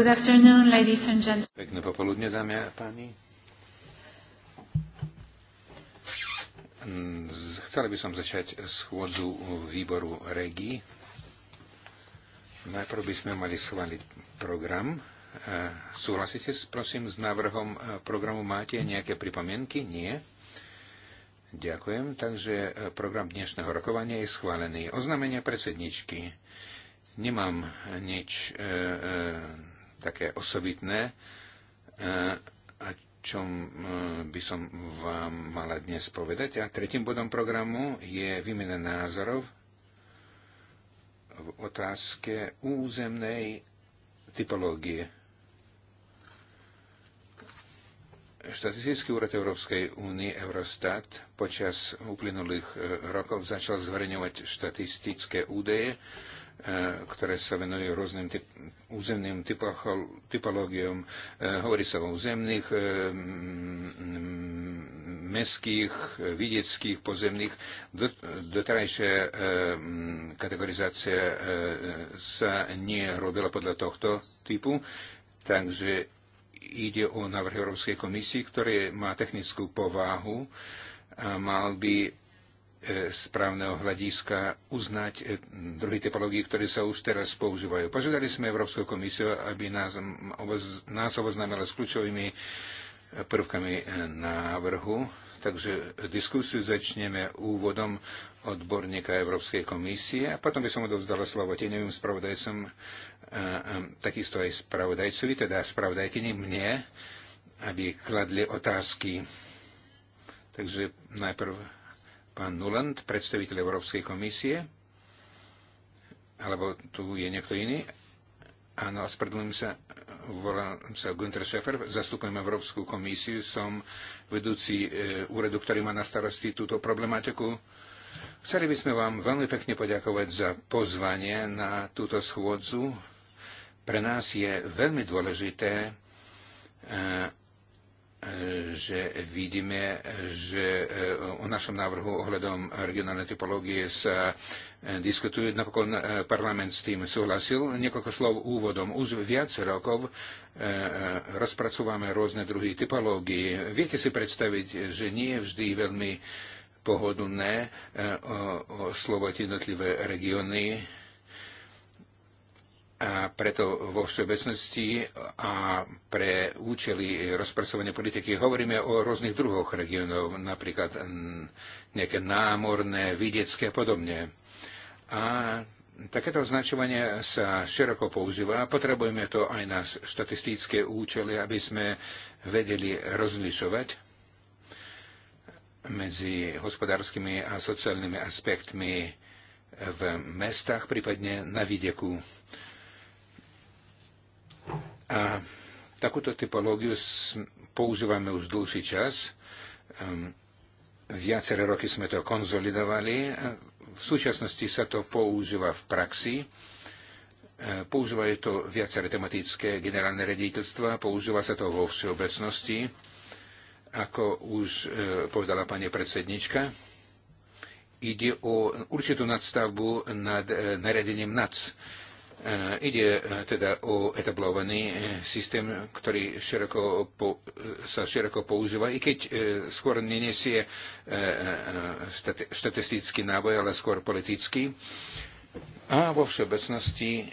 Good afternoon, ladies and gentlemen. Pekné popoludne, dámy a páni. Chcela by som začať schôdzu výboru REGI. Najprv by sme mali schváliť program. E, súhlasíte, prosím, s návrhom e, programu? Máte nejaké pripomienky? Nie? Ďakujem. Takže e, program dnešného rokovania je schválený. Oznamenia predsedničky. Nemám nič e, e, také osobitné eh, a čom eh, by som vám mala dnes povedať. A tretím bodom programu je výmena názorov v otázke územnej typológie. Štatistický úrad Európskej únie Eurostat počas uplynulých eh, rokov začal zverejňovať štatistické údaje E, ktoré sa venujú rôznym typ, územným typológiom. E, hovorí sa o územných, e, mestských, vidieckých, pozemných. Doterajšia kategorizácia sa nie robila podľa tohto typu, takže ide o návrh Európskej komisii, ktorý má technickú povahu a mal by E, správneho hľadiska uznať e, druhý typológie, ktoré sa už teraz používajú. Požiadali sme Európsku komisiu, aby nás, nás oboznámila s kľúčovými prvkami e, návrhu. Takže diskusiu začneme úvodom odborníka Európskej komisie a potom by som odovzdala slovo tieňovým spravodajcom, takisto aj spravodajcovi, teda spravodajkyni mne, aby kladli otázky. Takže najprv Pán Nuland, predstaviteľ Európskej komisie, alebo tu je niekto iný. Áno, ospravedlňujem sa, volám sa Günther Schäfer, zastupujem Európsku komisiu, som vedúci e, úradu, ktorý má na starosti túto problematiku. Chceli by sme vám veľmi pekne poďakovať za pozvanie na túto schôdzu. Pre nás je veľmi dôležité, e, že vidíme, že eh, o našom návrhu ohľadom regionálnej typológie sa eh, diskutuje. Napokon eh, parlament s tým súhlasil. Niekoľko slov úvodom. Už viac rokov rozpracováme rôzne druhy typológie. Viete si predstaviť, že nie je vždy veľmi pohodlné oslovať jednotlivé regióny a preto vo všeobecnosti a pre účely rozpracovania politiky hovoríme o rôznych druhoch regiónov, napríklad nejaké námorné, vidiecké a podobne. A takéto označovanie sa široko používa a potrebujeme to aj na štatistické účely, aby sme vedeli rozlišovať medzi hospodárskymi a sociálnymi aspektmi v mestách, prípadne na vidieku. A takúto typológiu používame už dlhší čas. Ehm, viaceré roky sme to konzolidovali. E, v súčasnosti sa to používa v praxi. E, používajú to viaceré tematické generálne rediteľstva, používa sa to vo všeobecnosti, ako už e, povedala pani predsednička. Ide o určitú nadstavbu nad nariadením NAC Eh, ide eh, teda o etablovaný eh, systém, ktorý široko po, sa široko používa, i keď skôr nenesie štatistický náboj, ale skôr politický. A vo všeobecnosti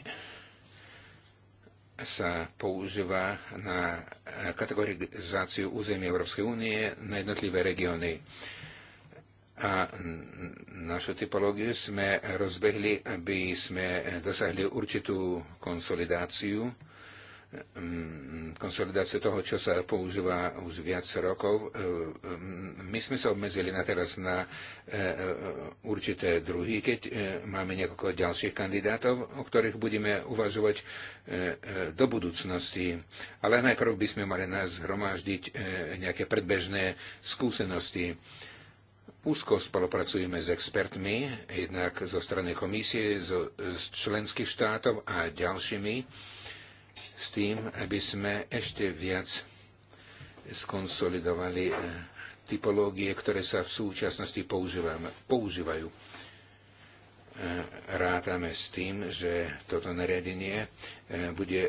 sa používa na kategorizáciu území Európskej únie na jednotlivé regióny. A našu typológiu sme rozbehli, aby sme dosahli určitú konsolidáciu, mm, konsolidáciu toho, čo sa používa už viac rokov. E, e, my sme sa obmedzili na teraz na e, určité druhy, keď máme niekoľko ďalších kandidátov, o ktorých budeme uvažovať do budúcnosti. Ale najprv by sme mali nás zhromaždiť nejaké predbežné skúsenosti Úzko spolupracujeme s expertmi, jednak zo strany komisie, zo, z členských štátov a ďalšími, s tým, aby sme ešte viac skonsolidovali eh, typológie, ktoré sa v súčasnosti používajú. Eh, rátame s tým, že toto nariadenie eh, bude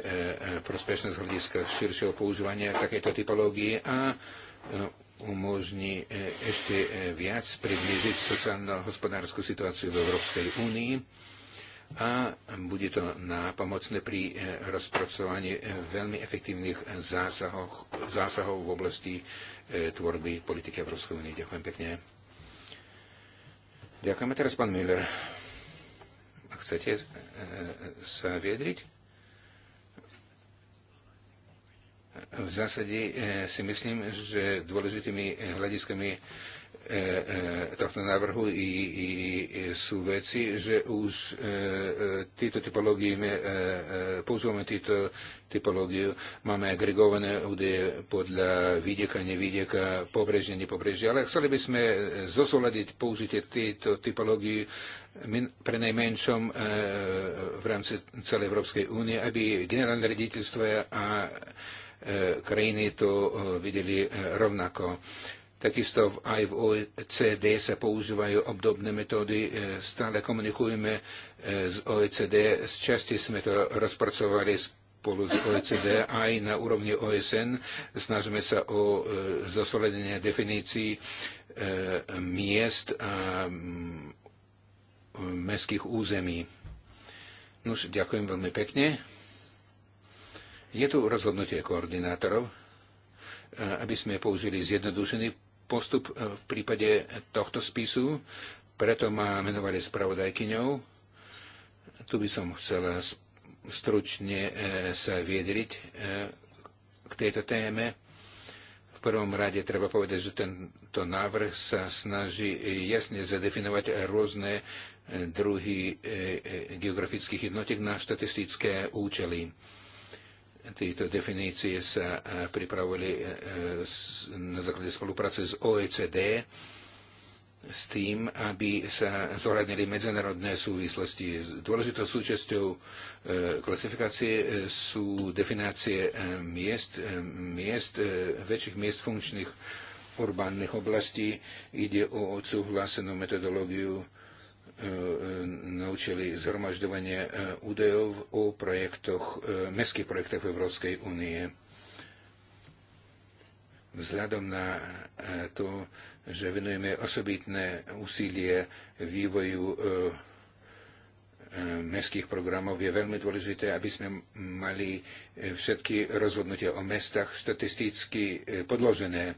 prospešné z hľadiska širšieho používania takéto typológie a umožní e, ešte e, viac priblížiť sociálno-hospodárskú situáciu v Európskej únii a bude to na pomocné pri e, rozpracovaní veľmi efektívnych zásahov, zásahov v oblasti tvorby politiky Európskej únie. Ďakujem pekne. Ďakujeme teraz, pán Müller. Chcete sa viedriť? v zásade eh, si myslím, že dôležitými eh, hľadiskami eh, tohto návrhu i, i, sú veci, že už e, tieto typológie, e, používame tieto typológiu, máme agregované údaje podľa výdeka, nevýdeka, pobrežia, nepobrežia, ale chceli by sme zosúľadiť použitie tejto typológii pre najmenšom e, v rámci celej Európskej únie, aby generálne rediteľstvo a E, krajiny to e, videli e, rovnako. Takisto aj v OECD sa používajú obdobné metódy. Stále komunikujeme z OECD. Z časti sme to rozpracovali spolu s OECD aj na úrovni OSN. Snažíme sa o zosledenie definícií miest a mestských území. Nuž, ďakujem veľmi pekne. Je tu rozhodnutie koordinátorov, e, aby sme použili zjednodušený postup e, v prípade tohto spisu, preto ma menovali spravodajkyňou. Tu by som chcela stručne e, sa viedriť k tejto téme. V prvom rade treba povedať, že tento návrh sa snaží jasne zadefinovať rôzne druhy geografických jednotiek na štatistické účely. Tieto definície sa e, pripravili e, e, na základe spolupráce s OECD s tým, aby sa zohľadnili medzinárodné súvislosti. Dôležitou súčasťou klasifikácie sú definácie miest, miest väčších miest funkčných urbánnych oblastí. Ide o odsúhlasenú metodológiu E, e, naučili zhromažďovanie e, údajov o projektoch, mestských projektoch Európskej únie. Vzhľadom na to, že venujeme osobitné úsilie vývoju mestských programov je veľmi dôležité, aby sme mali všetky rozhodnutia o mestách štatisticky podložené,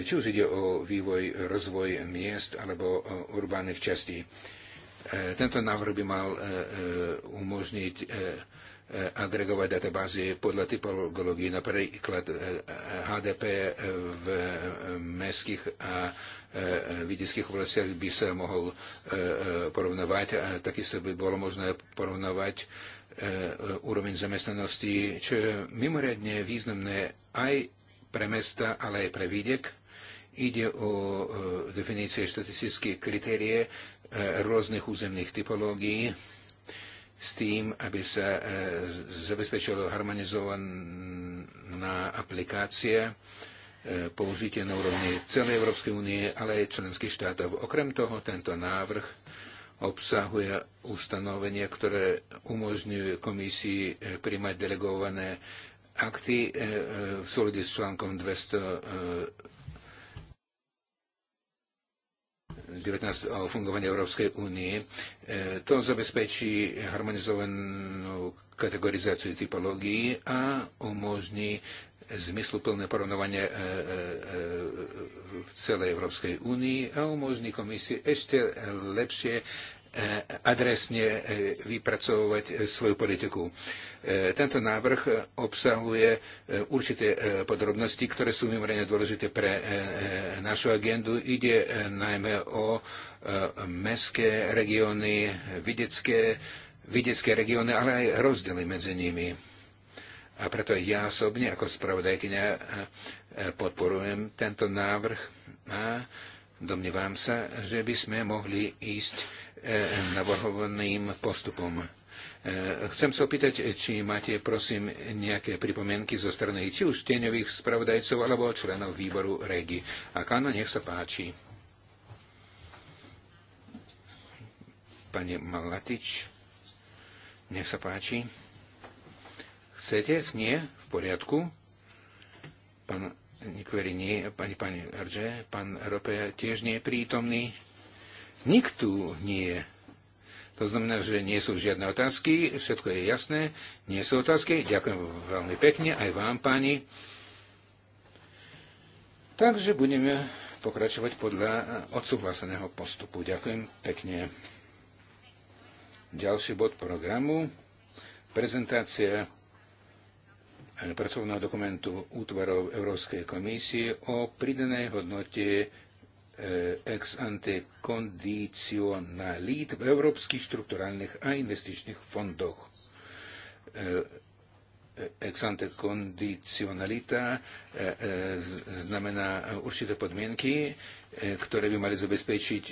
či už ide o vývoj, rozvoj miest alebo urbánnych častí. E, tento návrh by mal e, e, umožniť agregovať databázy podľa typológií, napríklad HDP v mestských a vidických oblastiach by sa mohol porovnovať a takisto by bolo možné porovnovať úroveň zamestnanosti, čo je mimoriadne významné aj pre mesta, ale aj pre vidiek. Ide o definície štatistické kritérie, rôznych územných typológií s tým, aby sa e, zabezpečila harmonizovaná aplikácia e, použitie na úrovni celej Európskej únie, ale aj členských štátov. Okrem toho, tento návrh obsahuje ustanovenia, ktoré umožňujú komisii e, príjmať delegované akty v súlade s článkom 200 19 o fungovaní Európskej únie. E, to zabezpečí harmonizovanú kategorizáciu typológií a umožní zmysluplné porovnovanie e, e, v celej Európskej únii a umožní komisii ešte lepšie E, adresne e, vypracovať e, svoju politiku. Tento návrh obsahuje určité podrobnosti, ktoré sú mimoriadne dôležité pre našu agendu. Ide najmä o mestské regióny, vidiecké, vidiecké regióny, ale aj rozdiely medzi nimi. A preto ja osobne ako spravodajkynia podporujem tento návrh a Domnievam sa, že by sme mohli ísť e, navrhovaným postupom. E, Chcem sa opýtať, či máte, prosím, nejaké pripomienky zo strany či už tieňových spravodajcov alebo členov výboru REGI. A áno, nech sa páči. Pane Malatič, nech sa páči. Chcete? Nie? V poriadku. Pán Nikveri nie, pani pani Rže, pán Rope tiež nie je prítomný. Nikto nie je. To znamená, že nie sú žiadne otázky, všetko je jasné, nie sú otázky. Ďakujem veľmi pekne, aj vám, pani. Takže budeme pokračovať podľa odsúhlaseného postupu. Ďakujem pekne. Ďalší bod programu. Prezentácia E, pracovného dokumentu útvarov Európskej komisie o pridanej hodnote e, ex ante kondicionalít v európskych štrukturálnych a investičných fondoch. E, ex ante kondicionalita znamená určité podmienky, ktoré by mali zabezpečiť,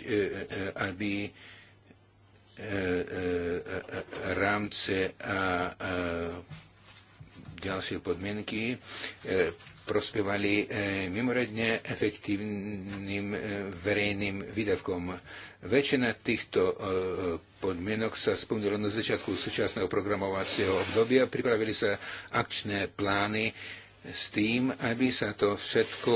aby rámce a ďalšie podmienky e, prospievali e, mimoriadne efektívnym e, verejným výdavkom. Väčšina týchto podmienok sa splnila na začiatku súčasného programovacieho obdobia. Pripravili sa akčné plány s tým, aby sa to všetko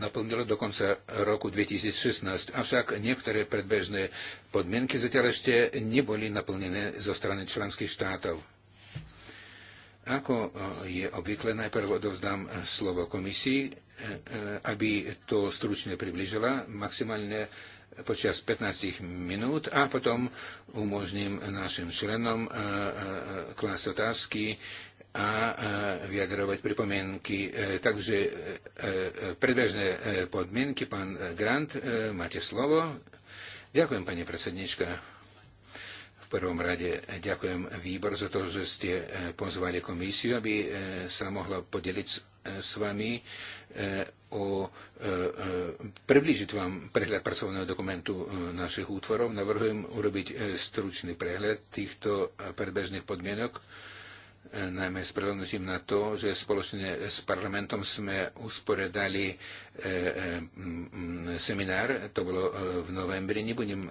naplnilo do konca roku 2016. Avšak niektoré predbežné podmienky zatiaľ ešte neboli naplnené zo strany členských štátov ako e, je obvykle, najprv odovzdám e, slovo komisii, e, aby to stručne približila, maximálne počas 15 minút a potom umožním našim členom klásť otázky a vyjadrovať pripomienky. Takže predbežné podmienky, pán Grant, máte slovo. Ďakujem, pani predsednička prvom rade ďakujem výbor za to, že ste e, pozvali komisiu, aby e, sa mohla podeliť s e, vami o priblížiť vám prehľad pracovného dokumentu našich útvorov. Navrhujem urobiť stručný prehľad týchto predbežných podmienok najmä s prehľadnutím na to, že spoločne s parlamentom sme usporiadali e, e, seminár, to bolo e, v novembri, nebudem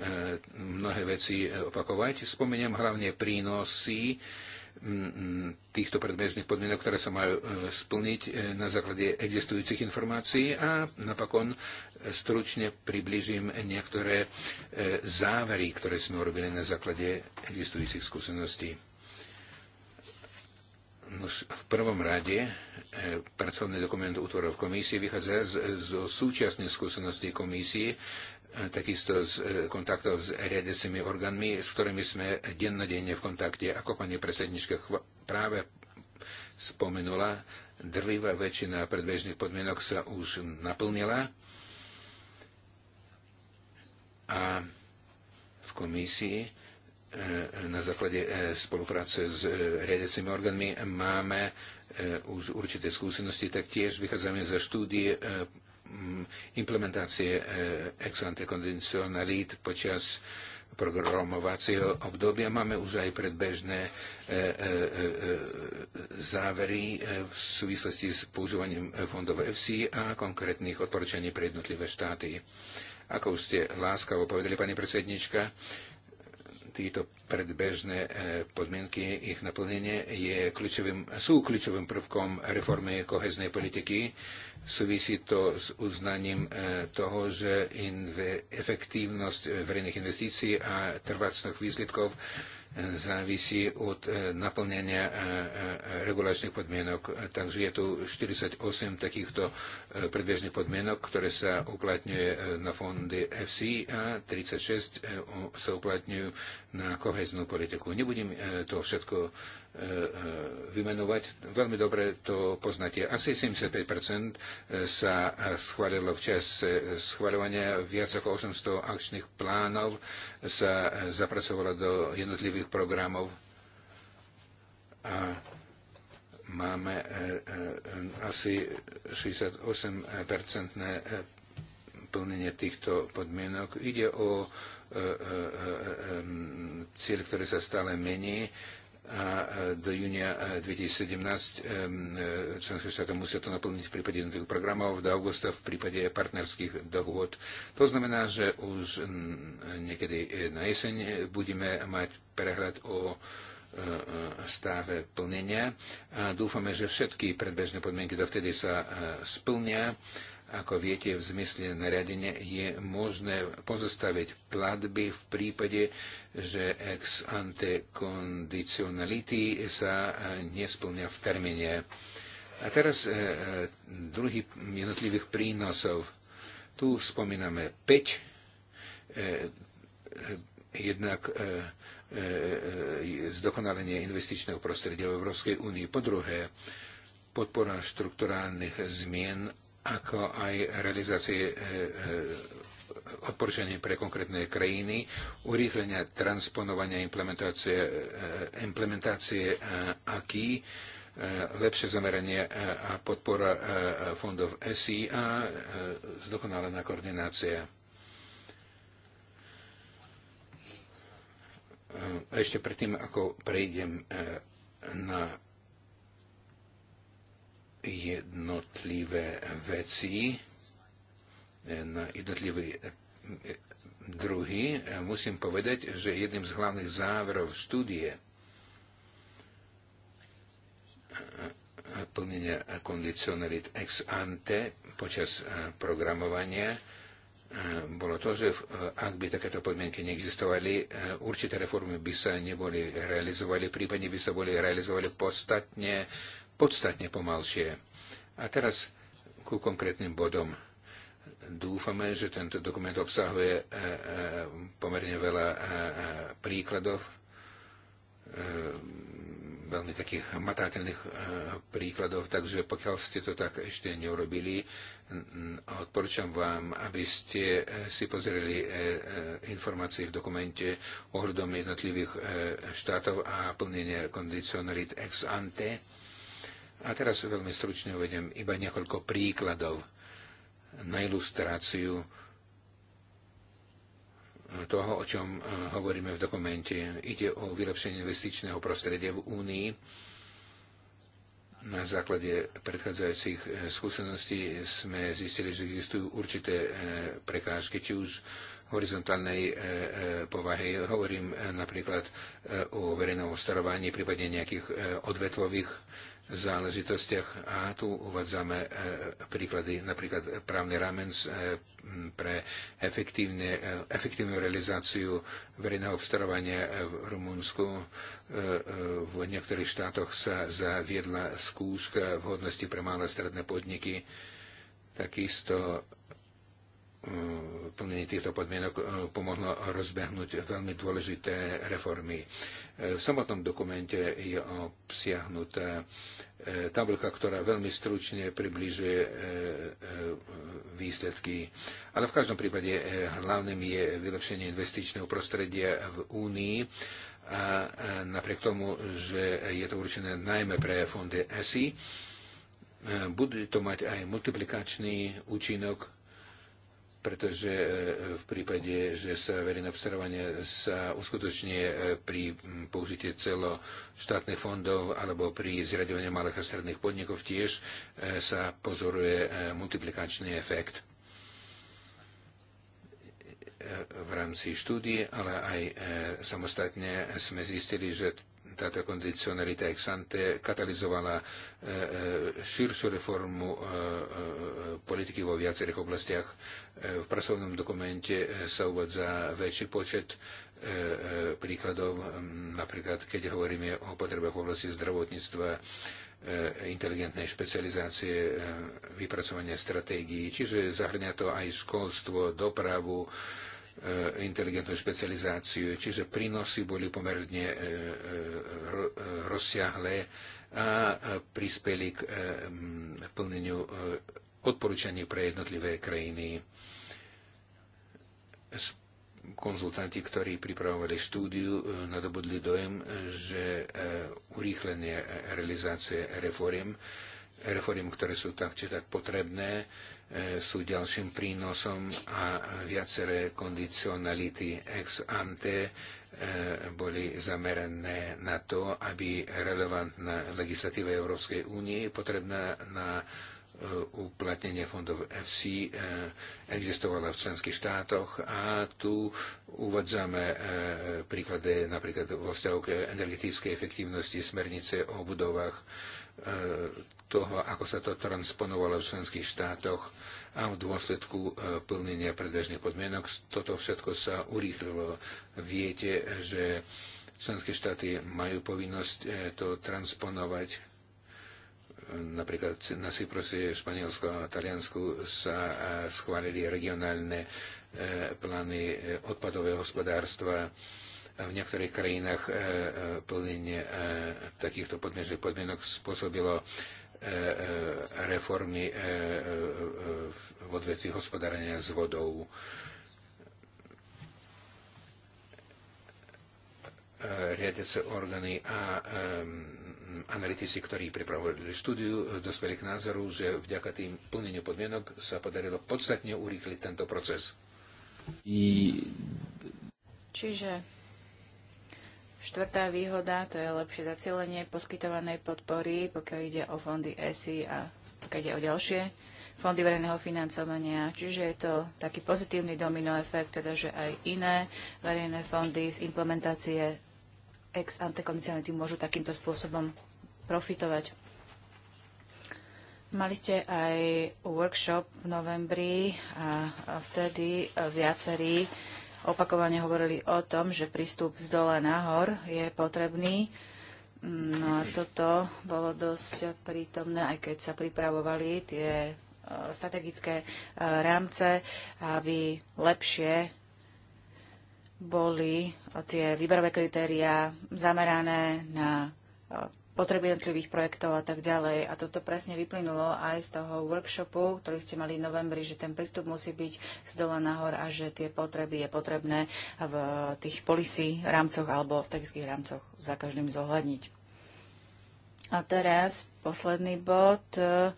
mnohé veci opakovať, spomeniem hlavne prínosy týchto predbežných podmienok, ktoré sa majú splniť na základe existujúcich informácií a napokon stručne približím niektoré závery, ktoré sme urobili na základe existujúcich skúseností v prvom rade e, pracovný dokument útvorov komisie vychádza zo súčasnej skúsenosti komisie, e, takisto z e, kontaktov s riadiacimi orgánmi, s ktorými sme dennodenne v kontakte. Ako pani predsednička práve spomenula, drvivá väčšina predbežných podmienok sa už naplnila a v komisii E, na základe e, spolupráce s e, riadiacimi orgánmi máme už určité skúsenosti, tak tiež vychádzame za štúdie implementácie ex ante kondicionalít počas programovacieho obdobia. Máme už aj predbežné závery v súvislosti s používaním fondov FC a konkrétnych odporúčaní pre jednotlivé štáty. Ako už ste láskavo povedali, pani predsednička, tieto predbežné e, podmienky, ich naplnenie je kľúčovým, sú kľúčovým prvkom reformy koheznej politiky. Súvisí to s uznaním e, toho, že efektívnosť e, verejných investícií a trvácných výsledkov závisí od e, naplnenia e, e, regulačných podmienok. Takže je tu 48 takýchto predbežných podmienok, ktoré sa uplatňuje na fondy FC a 36 sa uplatňujú na koheznú politiku. Nebudem to všetko E, e, vymenovať. Veľmi dobre to poznáte. Asi 75% e, sa schválilo v čase schváľovania. Viac ako 800 akčných plánov sa zapracovalo do jednotlivých programov. A máme asi 68-percentné plnenie týchto podmienok. Ide o cieľ, ktorý sa stále mení a do júnia 2017 e, členské štáty musia to naplniť v prípade jednotlivých programov, do augusta v prípade partnerských dohôd. To znamená, že už niekedy e, na jeseň budeme mať prehľad o e, stave plnenia a dúfame, že všetky predbežné podmienky dovtedy sa splnia ako viete, v zmysle nariadenia je možné pozostaviť platby v prípade, že ex ante kondicionality sa eh, nesplňa v termíne. A teraz e, druhý jednotlivých prínosov. Tu spomíname 5, e, jednak e, e, zdokonalenie investičného prostredia v Európskej únii. Po druhé, podpora štrukturálnych zmien ako aj realizácie e, e, odporúčaní pre konkrétne krajiny, urýchlenia transponovania implementácie, e, implementácie lepšie zameranie a podpora fondov SI a zdokonalená koordinácia. Ešte predtým, ako prejdem na jednotlivé veci e, na jednotlivé e, e, druhy, musím povedať, že jedným z hlavných záverov štúdie plnenia kondicionalit ex ante počas programovania bolo to, že ak by takéto podmienky neexistovali, určité reformy by sa neboli realizovali, prípadne by sa boli realizovali podstatne podstatne pomalšie. A teraz ku konkrétnym bodom. Dúfame, že tento dokument obsahuje e, e, pomerne veľa e, príkladov, veľmi takých matateľných príkladov, takže pokiaľ ste to tak ešte neurobili, odporúčam vám, aby ste si pozreli informácie v dokumente ohľadom jednotlivých štátov a plnenie kondicionalit ex ante a teraz veľmi stručne uvedem iba niekoľko príkladov na ilustráciu toho, o čom e, hovoríme v dokumente. Ide o vylepšenie investičného prostredia v Únii na základe predchádzajúcich e, skúseností sme zistili, že existujú určité e, prekážky, či už horizontálnej povahy. Hovorím napríklad o verejnom starovaní, prípadne nejakých odvetvových záležitostiach a tu uvádzame e, príklady, napríklad právny ramen e, pre e, efektívnu realizáciu verejného obstarovania v Rumunsku. V niektorých štátoch sa zaviedla skúška vhodnosti pre malé stredné podniky. Takisto plnení týchto podmienok e, pomohlo rozbehnúť veľmi dôležité reformy. E, v samotnom dokumente je obsiahnutá e, tabulka, ktorá veľmi stručne približuje výsledky. Ale v každom prípade hlavným je vylepšenie investičného prostredia v Únii a napriek tomu, že je to určené najmä pre fondy ESI, bude to mať aj multiplikačný účinok pretože e, v prípade, že sa verejné obstarávanie sa uskutočne e, pri použití celo štátnych fondov alebo pri zriadovaní malých a stredných podnikov tiež e, sa pozoruje multiplikačný efekt v rámci štúdie, ale aj samostatne sme zistili, že táto kondicionalita ex ante katalizovala e, e, širšiu reformu e, politiky vo viacerých oblastiach. V pracovnom dokumente sa uvádza väčší počet príkladov, napríklad keď hovoríme o potrebách v oblasti zdravotníctva, inteligentnej špecializácie, vypracovania stratégií, čiže zahrňa to aj školstvo, dopravu, E, inteligentnú špecializáciu, čiže prínosy boli pomerne e, e, rozsiahlé a prispeli k plneniu odporúčaní pre jednotlivé krajiny. Konzultanti, ktorí pripravovali štúdiu, nadobudli dojem, že urýchlenie realizácie reforiem, reforiem, ktoré sú tak či tak potrebné, E, sú ďalším prínosom a viaceré kondicionality ex ante e, boli zamerané na to, aby relevantná legislatíva Európskej únie potrebná na e, uplatnenie fondov FC existovala v členských štátoch a tu uvádzame príklady napríklad vo vzťahu k energetickej efektívnosti smernice o budovách toho, ako sa to transponovalo v členských štátoch a v dôsledku e, plnenia predbežných podmienok. Toto všetko sa urýchlilo. Viete, že členské štáty majú povinnosť e, to transponovať. E, napríklad na Cyprose, Španielsku a Taliansku sa schválili regionálne plány odpadového hospodárstva v niektorých krajinách plnenie takýchto podmienok spôsobilo E, e, reformy e, v odveci hospodárenia s vodou. riadiace orgány a um, analytici, ktorí pripravovali štúdiu, dospeli k názoru, že vďaka tým plneniu podmienok sa podarilo podstatne urýchliť tento proces. I... Čiže Štvrtá výhoda, to je lepšie zacielenie poskytovanej podpory, pokiaľ ide o fondy ESI a pokiaľ ide o ďalšie fondy verejného financovania. Čiže je to taký pozitívny domino efekt, teda že aj iné verejné fondy z implementácie ex ante kondicionality môžu takýmto spôsobom profitovať. Mali ste aj workshop v novembri a vtedy viacerí opakovane hovorili o tom, že prístup z dole nahor je potrebný. No a toto bolo dosť prítomné, aj keď sa pripravovali tie e, strategické e, rámce, aby lepšie boli tie výberové kritériá zamerané na e, potreby jednotlivých projektov a tak ďalej. A toto presne vyplynulo aj z toho workshopu, ktorý ste mali v novembri, že ten prístup musí byť z dola nahor a že tie potreby je potrebné v tých policy rámcoch alebo v strategických rámcoch za každým zohľadniť. A teraz posledný bod e,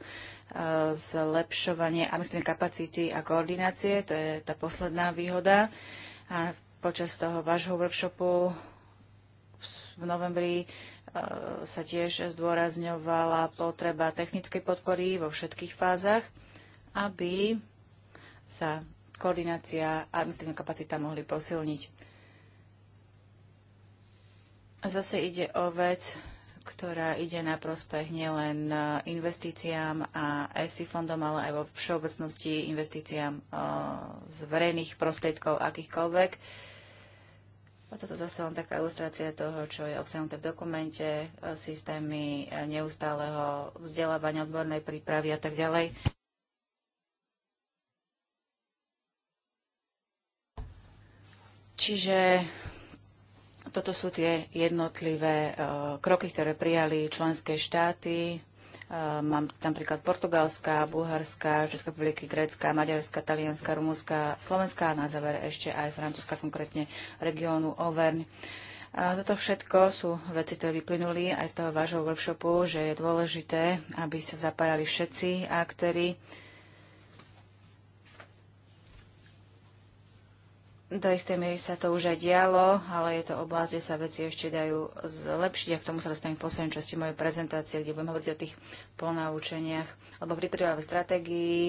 zlepšovanie a myslím kapacity a koordinácie, to je tá posledná výhoda. A počas toho vášho workshopu v novembri Eh, sa tiež zdôrazňovala potreba technickej podpory vo všetkých fázach, aby sa koordinácia a administratívna kapacita mohli posilniť. Zase ide o vec, ktorá ide na prospech nielen eh, investíciám a ESI fondom, ale aj vo všeobecnosti investíciám eh, z verejných prostriedkov akýchkoľvek toto zase len taká ilustrácia toho, čo je obsahnuté v dokumente, e, systémy e, neustáleho vzdelávania, odbornej prípravy a tak ďalej. Čiže toto sú tie jednotlivé e, kroky, ktoré prijali členské štáty Ehm, mám tam príklad Portugalska, Bulharska, Česká republiky, Grécka, Maďarska, Talianska, Rumunska, Slovenska a na záver ešte aj Francúzska, konkrétne regiónu Overň. A toto všetko sú veci, ktoré vyplynuli aj z toho vášho workshopu, že je dôležité, aby sa zapájali všetci aktéry, Do istej miery sa to už aj dialo, ale je to oblasť, kde sa veci ešte dajú zlepšiť a k tomu sa dostanem v poslednej časti mojej prezentácie, kde budem hovoriť o tých ponaučeniach alebo pri prípravej stratégii.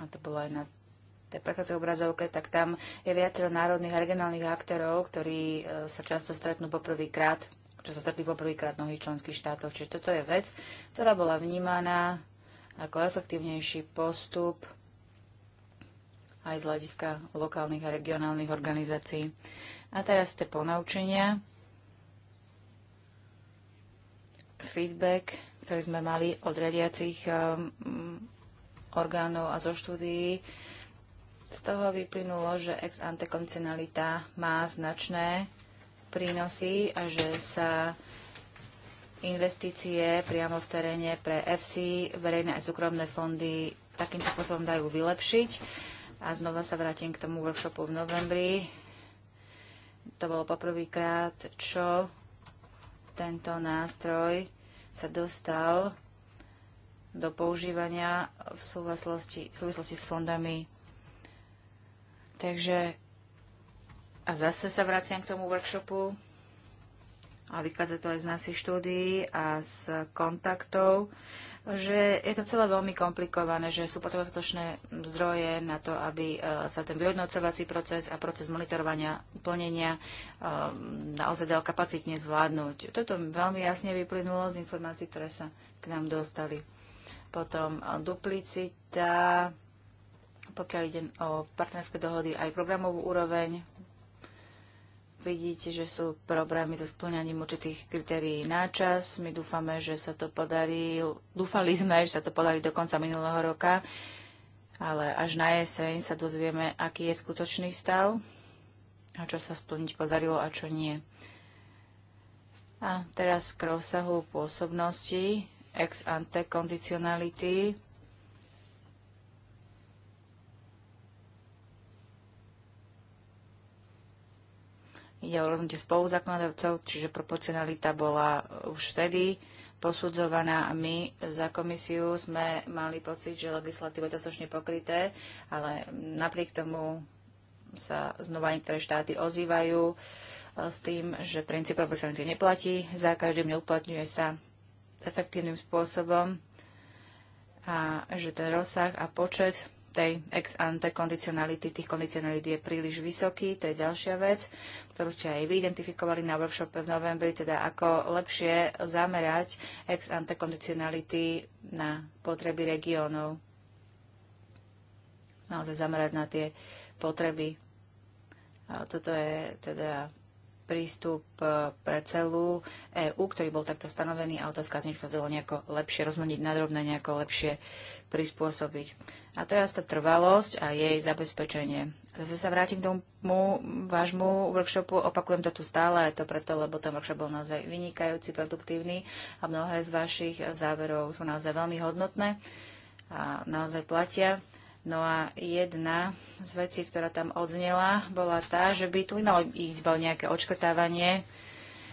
A to bolo aj na tej prechádzajú obrazovke, tak tam je viacero národných a regionálnych aktérov, ktorí e, sa často stretnú poprvýkrát, čo sa stretli poprvýkrát v mnohých členských štátoch. Čiže toto je vec, ktorá bola vnímaná ako efektívnejší postup aj z hľadiska lokálnych a regionálnych organizácií. A teraz ste ponaučenia, feedback, ktorý sme mali od radiacich um, orgánov a zo štúdií. Z toho vyplynulo, že ex ante kondicionalita má značné prínosy a že sa investície priamo v teréne pre FC, verejné aj súkromné fondy takýmto spôsobom dajú vylepšiť a znova sa vrátim k tomu workshopu v novembri. To bolo poprvýkrát, čo tento nástroj sa dostal do používania v súvislosti, v súvislosti s fondami. Takže a zase sa vraciam k tomu workshopu a vychádza to aj z našich štúdií a z kontaktov že je to celé veľmi komplikované, že sú potrebné dostatočné zdroje na to, aby e, sa ten vyhodnocovací proces a proces monitorovania plnenia e, naozaj dal kapacitne zvládnuť. Toto veľmi jasne vyplynulo z informácií, ktoré sa k nám dostali. Potom e, duplicita, pokiaľ ide o partnerské dohody, aj programovú úroveň, Vidíte, že sú problémy so splňaním určitých kritérií na čas. My dúfame, že sa to podarí, dúfali sme, že sa to podarí do konca minulého roka, ale až na jeseň sa dozvieme, aký je skutočný stav a čo sa splniť podarilo a čo nie. A teraz k rozsahu pôsobnosti ex ante kondicionality Ide o rozhodnutie spoluzákonodavcov, čiže proporcionalita bola uh, už vtedy posudzovaná a my za komisiu sme mali pocit, že legislatíva je dostatočne pokryté, ale napriek tomu sa znova niektoré štáty ozývajú uh, s tým, že princíp proporcionality neplatí, za každým neuplatňuje sa efektívnym spôsobom a že ten rozsah a počet tej ex ante kondicionality, tých kondicionalit je príliš vysoký, to je ďalšia vec, ktorú ste aj vy identifikovali na workshope v novembri, teda ako lepšie zamerať ex ante kondicionality na potreby regiónov. Naozaj zamerať na tie potreby. A toto je teda prístup e, pre celú EÚ, ktorý bol takto stanovený a otázka z sa dalo nejako lepšie rozmeniť, nadrobne nejako lepšie prispôsobiť. A teraz tá trvalosť a jej zabezpečenie. Zase sa vrátim k tomu vášmu workshopu, opakujem to tu stále, je to preto, lebo ten workshop bol naozaj vynikajúci, produktívny a mnohé z vašich záverov sú naozaj veľmi hodnotné a naozaj platia. No a jedna z vecí, ktorá tam odznela, bola tá, že by tu malo ísť bol nejaké odškrtávanie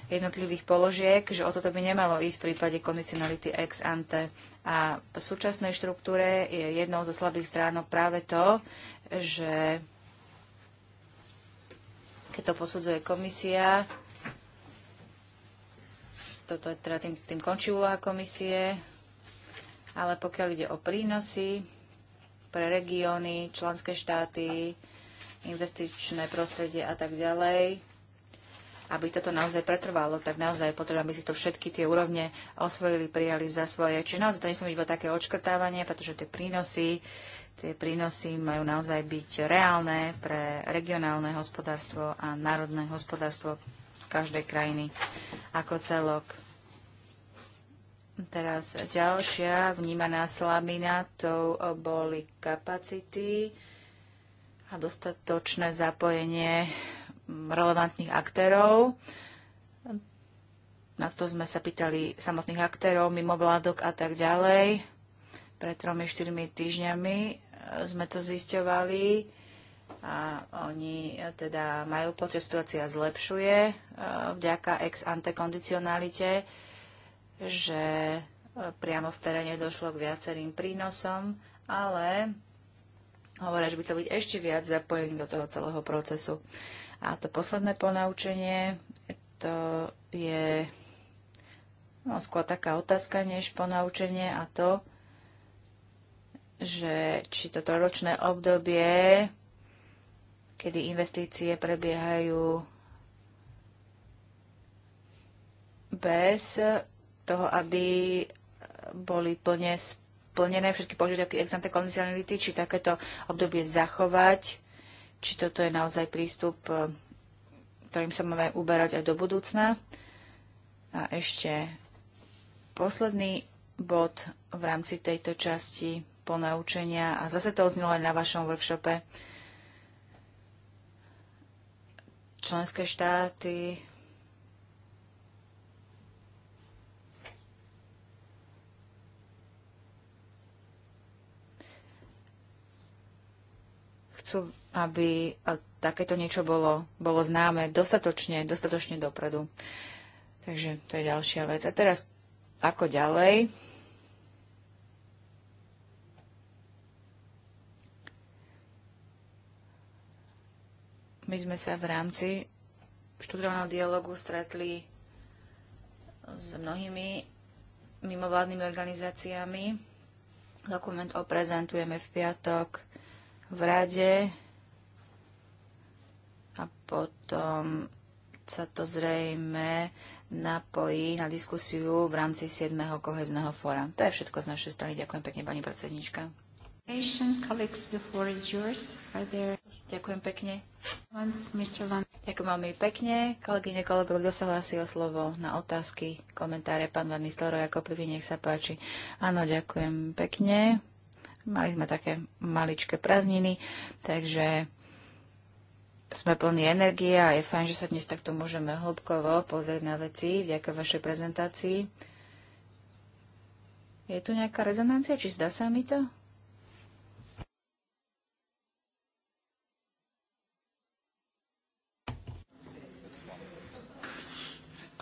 jednotlivých položiek, že o toto by nemalo ísť v prípade kondicionality ex ante. A v súčasnej štruktúre je jednou zo slabých stránok práve to, že keď to posudzuje komisia, toto je teda tým, tým končí úloha komisie, ale pokiaľ ide o prínosy pre regióny, členské štáty, investičné prostredie a tak ďalej, aby toto naozaj pretrvalo, tak naozaj potrebujeme, aby si to všetky tie úrovne osvojili, prijali za svoje. Čiže naozaj to nesmú byť iba také odškrtávanie, pretože tie prínosy, tie prínosy majú naozaj byť reálne pre regionálne hospodárstvo a národné hospodárstvo každej krajiny ako celok. Teraz ďalšia vnímaná slabina, to boli kapacity a dostatočné zapojenie relevantných aktérov. Na to sme sa pýtali samotných aktérov, mimovládok a tak ďalej. Pred tromi, štyrmi týždňami e, sme to zisťovali a oni e, teda majú pocit, že situácia zlepšuje e, vďaka ex ante kondicionalite, že priamo v teréne došlo k viacerým prínosom, ale hovoria, že by chceli byť ešte viac zapojení do toho celého procesu. A to posledné ponaučenie, to je no, skôr taká otázka než ponaučenie a to, že či toto ročné obdobie, kedy investície prebiehajú bez toho, aby boli plne splnené všetky požiadavky ex ante či takéto obdobie zachovať či toto je naozaj prístup, e, ktorým sa máme uberať aj do budúcna. A ešte posledný bod v rámci tejto časti ponaučenia, a zase to oznilo aj na vašom workshope, členské štáty Chcú, aby takéto niečo bolo, bolo známe dostatočne, dostatočne dopredu. Takže to je ďalšia vec. A teraz ako ďalej? My sme sa v rámci študovaného dialogu stretli s mnohými mimovládnymi organizáciami. Dokument oprezentujeme v piatok v rade a potom sa to zrejme napojí na diskusiu v rámci 7. kohezného fóra. To je všetko z našej strany. Ďakujem pekne, pani predsednička. Ďakujem pekne. Ďakujem veľmi pekne. Kolegyne, kolegov, kto sa hlási o slovo na otázky, komentáre? Pán Van Nistelrooy, ako prvý, nech sa páči. Áno, ďakujem pekne. Mali sme také maličké prázdniny, takže sme plní energie a je fajn, že sa dnes takto môžeme hĺbkovo pozrieť na veci vďaka vašej prezentácii. Je tu nejaká rezonancia, či zdá sa mi to?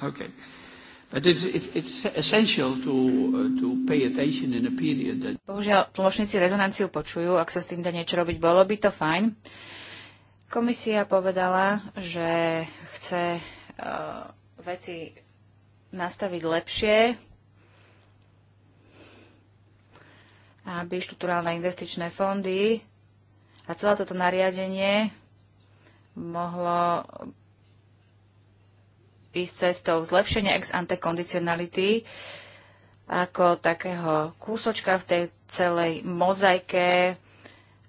Okay. Uh, Bohužiaľ, tlmočníci rezonanciu počujú, ak sa s tým dá niečo robiť, bolo by to fajn. Komisia povedala, že chce uh, veci nastaviť lepšie, aby štruktúrálne investičné fondy a celé toto nariadenie mohlo ísť cestou zlepšenia ex ante kondicionality ako takého kúsočka v tej celej mozaike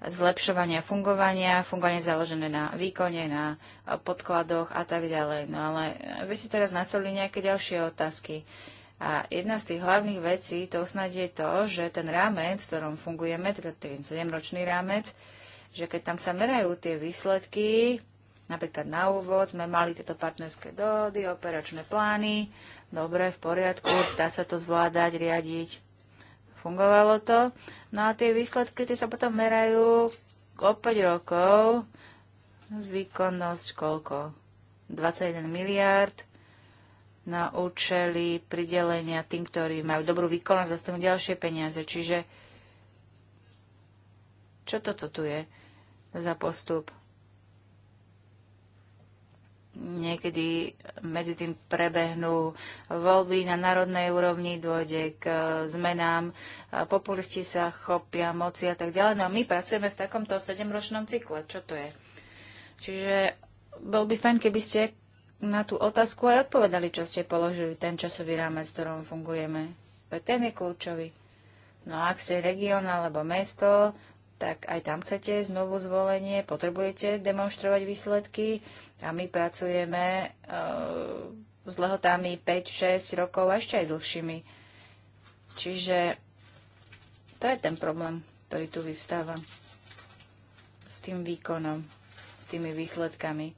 zlepšovania fungovania, fungovanie založené na výkone, na podkladoch a tak ďalej. No ale vy si teraz nastavili nejaké ďalšie otázky. A jedna z tých hlavných vecí to snad je to, že ten rámec, v ktorom fungujeme, teda ten 7-ročný rámec, že keď tam sa merajú tie výsledky, Napríklad na úvod sme mali tieto partnerské dohody, operačné plány. Dobre, v poriadku, dá sa to zvládať, riadiť. Fungovalo to. No a tie výsledky tie sa potom merajú o 5 rokov. Výkonnosť koľko? 21 miliard na účely pridelenia tým, ktorí majú dobrú výkonnosť, dostanú ďalšie peniaze. Čiže čo toto tu je za postup? niekedy medzi tým prebehnú voľby na národnej úrovni, dôjde k e, zmenám, populisti sa chopia moci a tak ďalej. No my pracujeme v takomto sedemročnom cykle. Čo to je? Čiže bol by fajn, keby ste na tú otázku aj odpovedali, čo ste položili, ten časový rámec, v ktorom fungujeme. Ten je kľúčový. No a ak ste región alebo mesto, tak aj tam chcete znovu zvolenie, potrebujete demonstrovať výsledky a my pracujeme e, s lehotami 5-6 rokov a ešte aj dlhšími. Čiže to je ten problém, ktorý tu vyvstáva s tým výkonom, s tými výsledkami.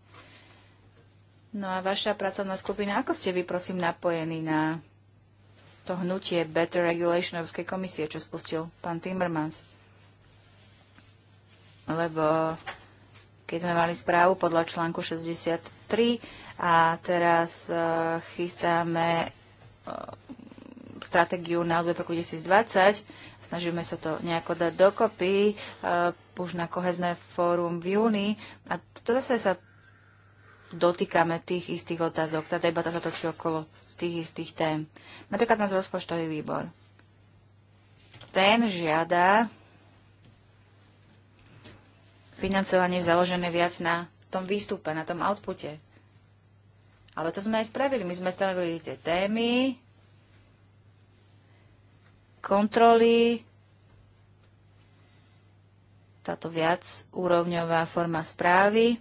No a vaša pracovná skupina, ako ste vy, prosím, napojení na to hnutie Better Regulation Európskej komisie, čo spustil pán Timmermans? lebo keď sme mali správu podľa článku 63 a teraz uh, chystáme uh, stratégiu na obdobie roku 2020. Snažíme sa to nejako dať dokopy uh, už na kohezné fórum v júni. A to zase sa dotýkame tých istých otázok. Tá debata sa točí okolo tých istých tém. Napríklad nás rozpočtový výbor. Ten žiada financovanie založené viac na tom výstupe, na tom outpute. Ale to sme aj spravili. My sme stanovili tie témy, kontroly, táto viac úrovňová forma správy.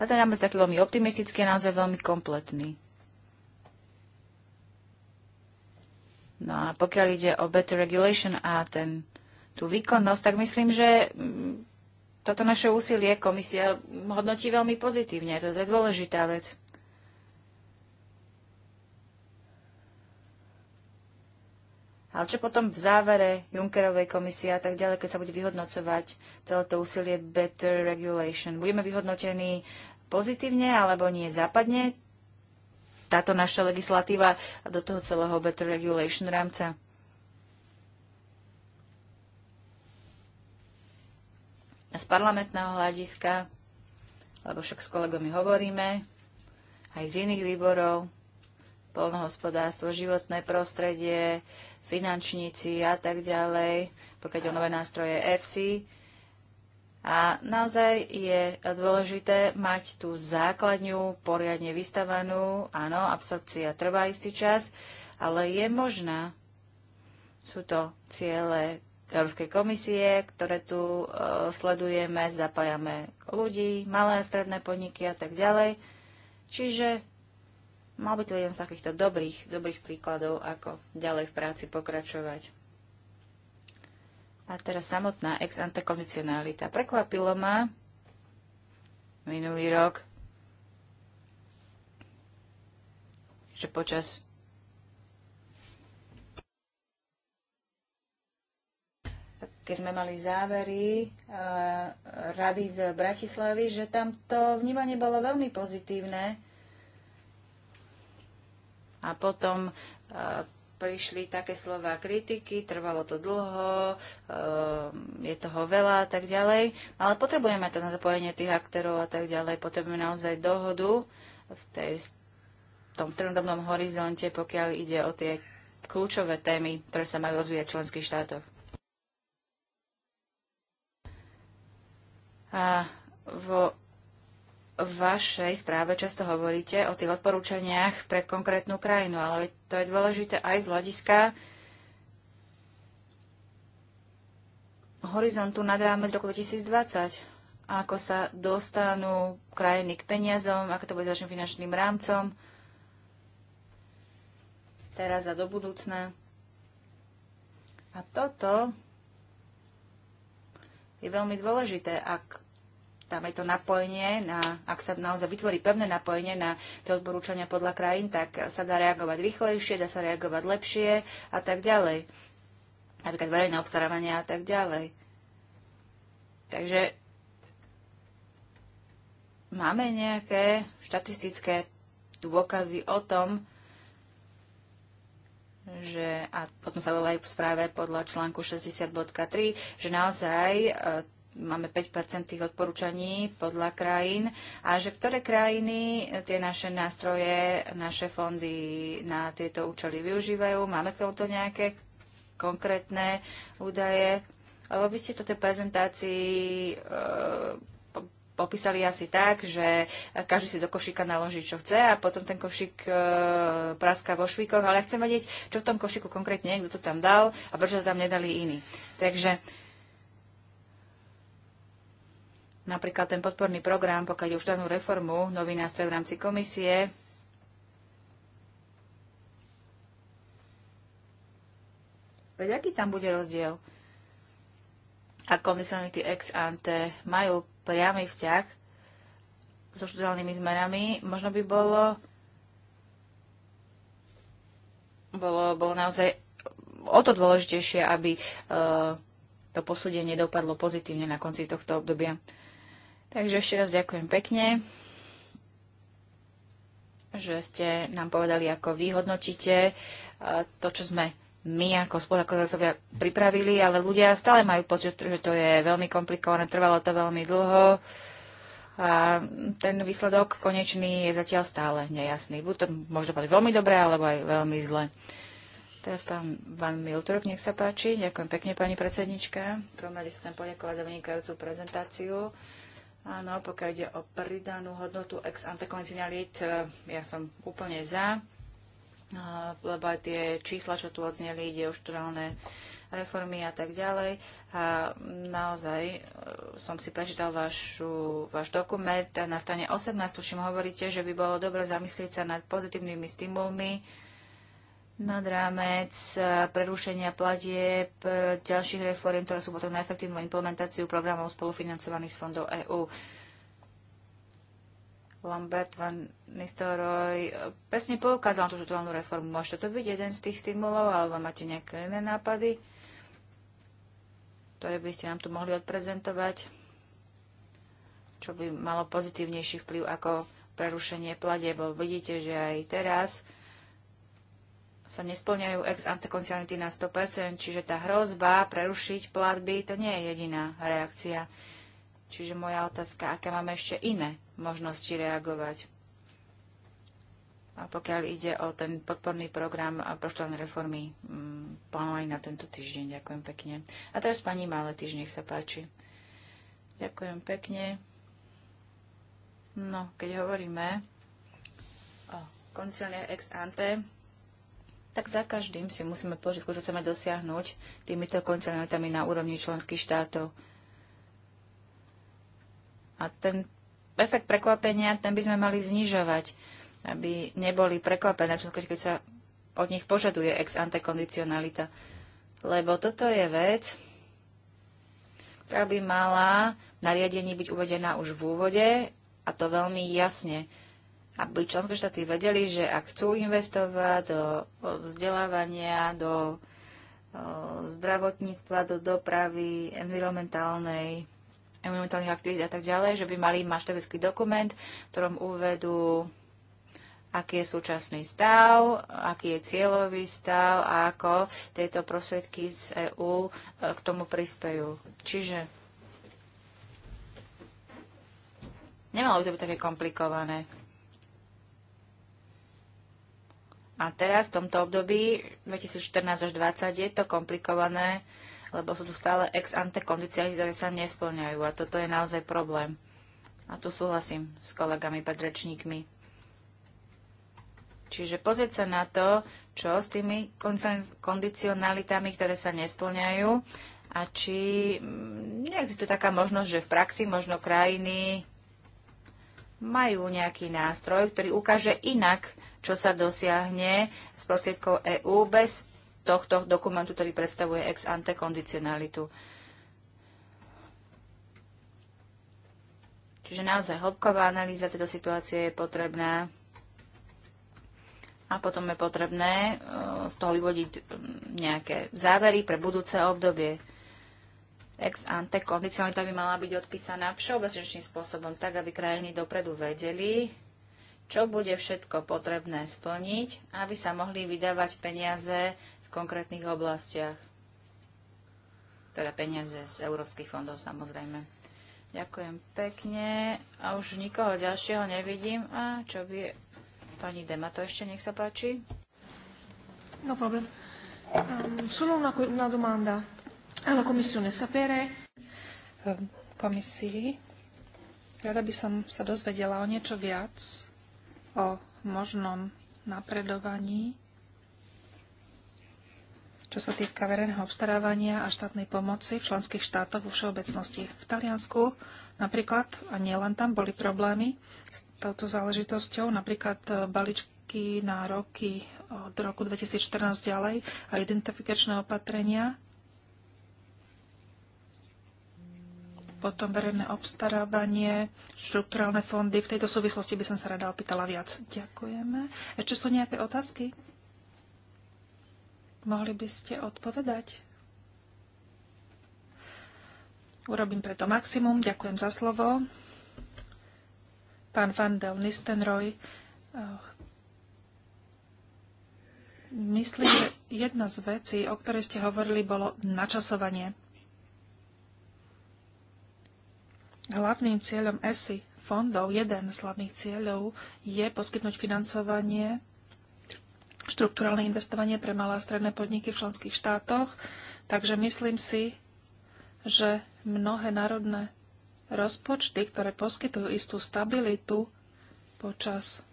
A ten rámec taký veľmi optimistický a naozaj veľmi kompletný. No a pokiaľ ide o better regulation a ten, tú výkonnosť, tak myslím, že mm, toto naše úsilie komisia hodnotí veľmi pozitívne. To je dôležitá vec. Ale čo potom v závere Junckerovej komisie a tak ďalej, keď sa bude vyhodnocovať celé to úsilie Better Regulation? Budeme vyhodnotení pozitívne alebo nie západne? táto naša legislatíva a do toho celého Better Regulation rámca? Z parlamentného hľadiska, lebo však s kolegami hovoríme, aj z iných výborov, polnohospodárstvo, životné prostredie, finančníci a tak ďalej, pokiaľ o nové nástroje EFSI, a naozaj je dôležité mať tú základňu poriadne vystavanú. Áno, absorpcia trvá istý čas, ale je možná. Sú to ciele Európskej komisie, ktoré tu e, sledujeme, zapájame ľudí, malé a stredné podniky a tak ďalej. Čiže mal by to jeden z takýchto dobrých, dobrých príkladov, ako ďalej v práci pokračovať. A teraz samotná ex ante kondicionalita. Prekvapilo ma minulý rok, že počas keď sme mali závery uh, rady z Bratislavy, že tam to vnímanie bolo veľmi pozitívne. A potom uh, prišli také slova kritiky, trvalo to dlho, ehm, je toho veľa a tak ďalej, ale potrebujeme to na zapojenie tých aktérov a tak ďalej, potrebujeme naozaj dohodu v tej, v tom strednodobnom horizonte, pokiaľ ide o tie kľúčové témy, ktoré sa majú rozvíjať v členských štátoch. A vo vašej správe často hovoríte o tých odporúčaniach pre konkrétnu krajinu, ale to je dôležité aj z hľadiska horizontu nad rámec roku 2020. Ako sa dostanú krajiny k peniazom, ako to bude s vašim finančným rámcom teraz a do budúcna. A toto je veľmi dôležité, ak tam je to napojenie, na, ak sa naozaj vytvorí pevné napojenie na tie odporúčania podľa krajín, tak sa dá reagovať rýchlejšie, dá sa reagovať lepšie a tak ďalej. Napríklad verejné obstarávanie a tak ďalej. Takže máme nejaké štatistické dôkazy o tom, že, a potom sa volajú v správe podľa článku 60.3, že naozaj e, máme 5% tých odporúčaní podľa krajín a že ktoré krajiny tie naše nástroje, naše fondy na tieto účely využívajú. Máme k tomuto nejaké konkrétne údaje? Lebo by ste to tej prezentácii e, asi tak, že každý si do košíka naloží, čo chce a potom ten košík e, praská vo švíkoch, ale ja chcem vedieť, čo v tom košíku konkrétne niekto kto to tam dal a prečo to tam nedali iní. Takže Napríklad ten podporný program, pokiaľ už danú reformu, nový nástroj v rámci komisie, Veď aký tam bude rozdiel? A kondicionality ex ante majú priamy vzťah so študálnymi zmenami, možno by bolo, bolo, bolo naozaj o to dôležitejšie, aby uh, to posúdenie dopadlo pozitívne na konci tohto obdobia. Takže ešte raz ďakujem pekne, že ste nám povedali, ako vyhodnotíte e, to, čo sme my ako spolakladatelia pripravili, ale ľudia stále majú pocit, že to je veľmi komplikované, trvalo to veľmi dlho a ten výsledok konečný je zatiaľ stále nejasný. Buď to možno boli veľmi dobré alebo aj veľmi zle. Teraz pán Van Miltrup, nech sa páči. Ďakujem pekne, pani predsednička. Promeli sa rade chcem poďakovať za vynikajúcu prezentáciu. Áno, pokiaľ ide o pridanú hodnotu ex ante kondicionalit, eh, ja som úplne za, eh, lebo aj tie čísla, čo tu odzneli, ide o štruálne reformy a tak ďalej. A naozaj eh, som si prečítal váš dokument a na strane 18, tuším, hovoríte, že by bolo dobre zamyslieť sa nad pozitívnymi stimulmi, nad rámec eh, prerušenia platieb eh, ďalších reform, ktoré sú potom na efektívnu implementáciu programov spolufinancovaných z fondov EÚ. Lambert van Nistelrooy eh, presne poukázal na tú žutelnú reformu. Môže to byť jeden z tých stimulov, alebo máte nejaké iné nápady, ktoré by ste nám tu mohli odprezentovať, čo by malo pozitívnejší vplyv ako prerušenie plade, bo vidíte, že aj teraz sa nesplňajú ex ante koncianity na 100%, čiže tá hrozba prerušiť platby, to nie je jediná reakcia. Čiže moja otázka, aké máme ešte iné možnosti reagovať? A pokiaľ ide o ten podporný program poštovné reformy mm, plánovaný na tento týždeň. Ďakujem pekne. A teraz pani týždeň, nech sa páči. Ďakujem pekne. No, keď hovoríme o koncilne ex ante, tak za každým si musíme požiť, čo chceme dosiahnuť týmito koncernátami na úrovni členských štátov. A ten efekt prekvapenia, ten by sme mali znižovať, aby neboli prekvapené, keď sa od nich požaduje ex ante kondicionalita. Lebo toto je vec, ktorá by mala nariadení byť uvedená už v úvode a to veľmi jasne aby členské štáty vedeli, že ak chcú investovať do vzdelávania, do zdravotníctva, do dopravy, environmentálnej, environmentálnych aktivít a tak ďalej, že by mali maštevický dokument, v ktorom uvedú, aký je súčasný stav, aký je cieľový stav a ako tieto prostriedky z EÚ e, k tomu prispejú. Čiže nemalo by to byť také komplikované. A teraz v tomto období 2014 až 2020 je to komplikované, lebo sú tu stále ex ante kondície, ktoré sa nesplňajú. A toto je naozaj problém. A tu súhlasím s kolegami predrečníkmi. Čiže pozrieť sa na to, čo s tými kondicionalitami, ktoré sa nesplňajú a či mm, neexistuje taká možnosť, že v praxi možno krajiny majú nejaký nástroj, ktorý ukáže inak, čo sa dosiahne s prostriedkou EÚ bez tohto dokumentu, ktorý predstavuje ex ante kondicionalitu. Čiže naozaj hĺbková analýza tejto situácie je potrebná a potom je potrebné e, z toho vyvodiť e, nejaké závery pre budúce obdobie. Ex ante kondicionalita by mala byť odpísaná všeobecnejším spôsobom, tak aby krajiny dopredu vedeli, čo bude všetko potrebné splniť, aby sa mohli vydávať peniaze v konkrétnych oblastiach. Teda peniaze z európskych fondov samozrejme. Ďakujem pekne. A už nikoho ďalšieho nevidím. A čo by... Pani Dema to ešte, nech sa páči. No problém. Um, ehm, solo una, una domanda alla Commissione. Sapere... Ehm, komisii. Rada by som sa dozvedela o niečo viac o možnom napredovaní, čo sa týka verejného obstarávania a štátnej pomoci v členských štátoch vo všeobecnosti. V Taliansku napríklad, a nielen tam, boli problémy s touto záležitosťou, napríklad e, balíčky na roky od roku 2014 ďalej a identifikačné opatrenia Potom verejné obstarávanie, štruktúrálne fondy. V tejto súvislosti by som sa rada opýtala viac. Ďakujeme. Ešte sú nejaké otázky? Mohli by ste odpovedať? Urobím preto maximum. Ďakujem za slovo. Pán Van del Nistenroy, eh, myslím, že jedna z vecí, o ktorej ste hovorili, bolo načasovanie. Hlavným cieľom ESI fondov, jeden z hlavných cieľov je poskytnúť financovanie, štruktúralne investovanie pre malé a stredné podniky v členských štátoch. Takže myslím si, že mnohé národné rozpočty, ktoré poskytujú istú stabilitu počas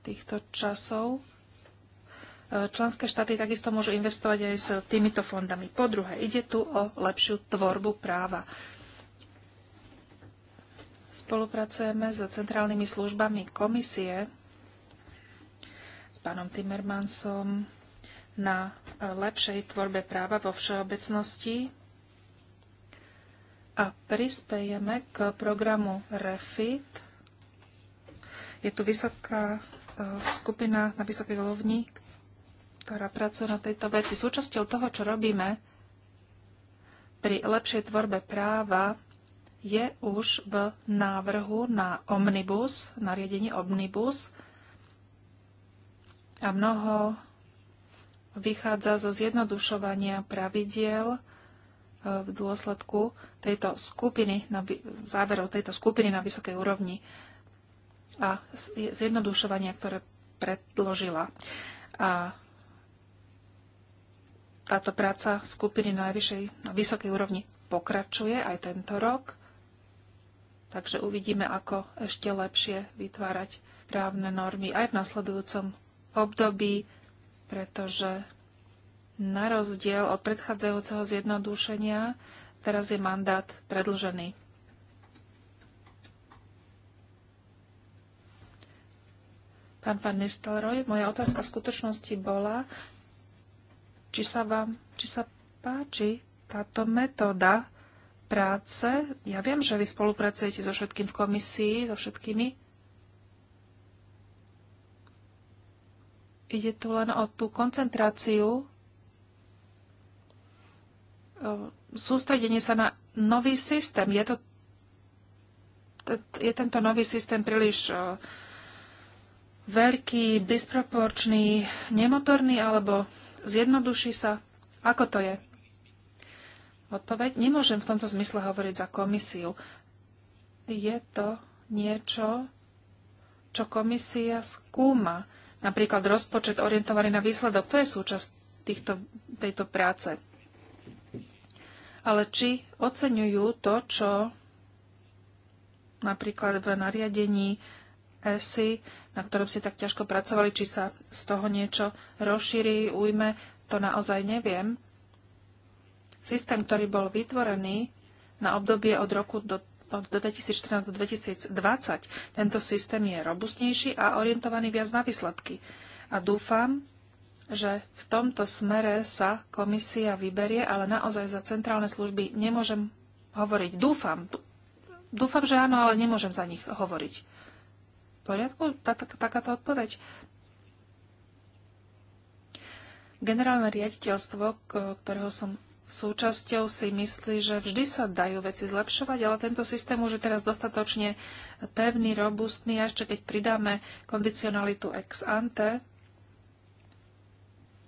týchto časov, e, členské štáty takisto môžu investovať aj s týmito fondami. Po druhé, ide tu o lepšiu tvorbu práva. Spolupracujeme s centrálnymi službami komisie, s pánom Timmermansom na e, lepšej tvorbe práva vo všeobecnosti a prispejeme k programu REFIT. Je tu vysoká e, skupina na vysokej úrovni, ktorá pracuje na tejto veci. Súčasťou toho, čo robíme pri lepšej tvorbe práva je už v návrhu na omnibus, nariadení omnibus a mnoho vychádza zo zjednodušovania pravidiel e, v dôsledku tejto skupiny, záverov tejto skupiny na vysokej úrovni a zjednodušovania, ktoré predložila. A táto práca skupiny na, najvyššej, na vysokej úrovni pokračuje aj tento rok. Takže uvidíme, ako ešte lepšie vytvárať právne normy aj v nasledujúcom období, pretože na rozdiel od predchádzajúceho zjednodušenia teraz je mandát predlžený. Pán Van Nistelrooy, moja otázka v skutočnosti bola, či sa vám či sa páči táto metóda práce. Ja viem, že vy spolupracujete so všetkým v komisii, so všetkými. Ide tu len o tú koncentráciu, sústredenie sa na nový systém. Je, to, je tento nový systém príliš veľký, disproporčný, nemotorný, alebo zjednoduší sa? Ako to je? odpoveď. Nemôžem v tomto zmysle hovoriť za komisiu. Je to niečo, čo komisia skúma. Napríklad rozpočet orientovaný na výsledok. To je súčasť týchto, tejto práce. Ale či oceňujú to, čo napríklad v nariadení ESI, na ktorom si tak ťažko pracovali, či sa z toho niečo rozšíri, ujme, to naozaj neviem. Systém, ktorý bol vytvorený na obdobie od roku do, od 2014 do 2020, tento systém je robustnejší a orientovaný viac na výsledky. A dúfam, že v tomto smere sa komisia vyberie, ale naozaj za centrálne služby nemôžem hovoriť. Dúfam, dúfam, že áno, ale nemôžem za nich hovoriť. V poriadku? Takáto odpoveď? Generálne riaditeľstvo, ktorého som súčasťou, si myslí, že vždy sa dajú veci zlepšovať, ale tento systém už je teraz dostatočne pevný, robustný, a ešte keď pridáme kondicionalitu ex ante,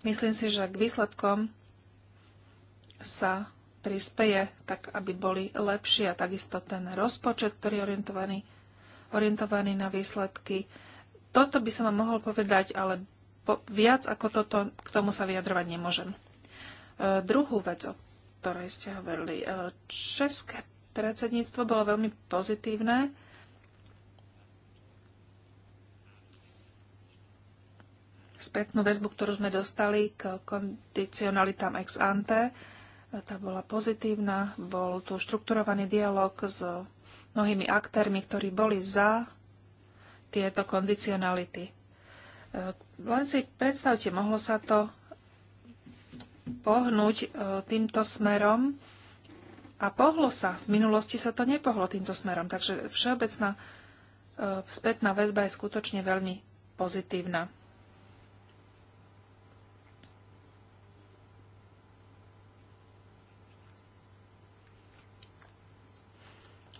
myslím si, že k výsledkom sa prispeje tak, aby boli lepšie a takisto ten rozpočet, ktorý je orientovaný, orientovaný na výsledky. Toto by som vám mohol povedať, ale po, viac ako toto, k tomu sa vyjadrovať nemôžem. E, druhú vec, o ktorej ste hovorili. E, České predsedníctvo bolo veľmi pozitívne. Spätnú väzbu, ktorú sme dostali k kondicionalitám ex ante, e, tá bola pozitívna. Bol tu štrukturovaný dialog s mnohými aktérmi, ktorí boli za tieto kondicionality. Len si predstavte, mohlo sa to pohnúť e, týmto smerom a pohlo sa. V minulosti sa to nepohlo týmto smerom, takže všeobecná e, spätná väzba je skutočne veľmi pozitívna.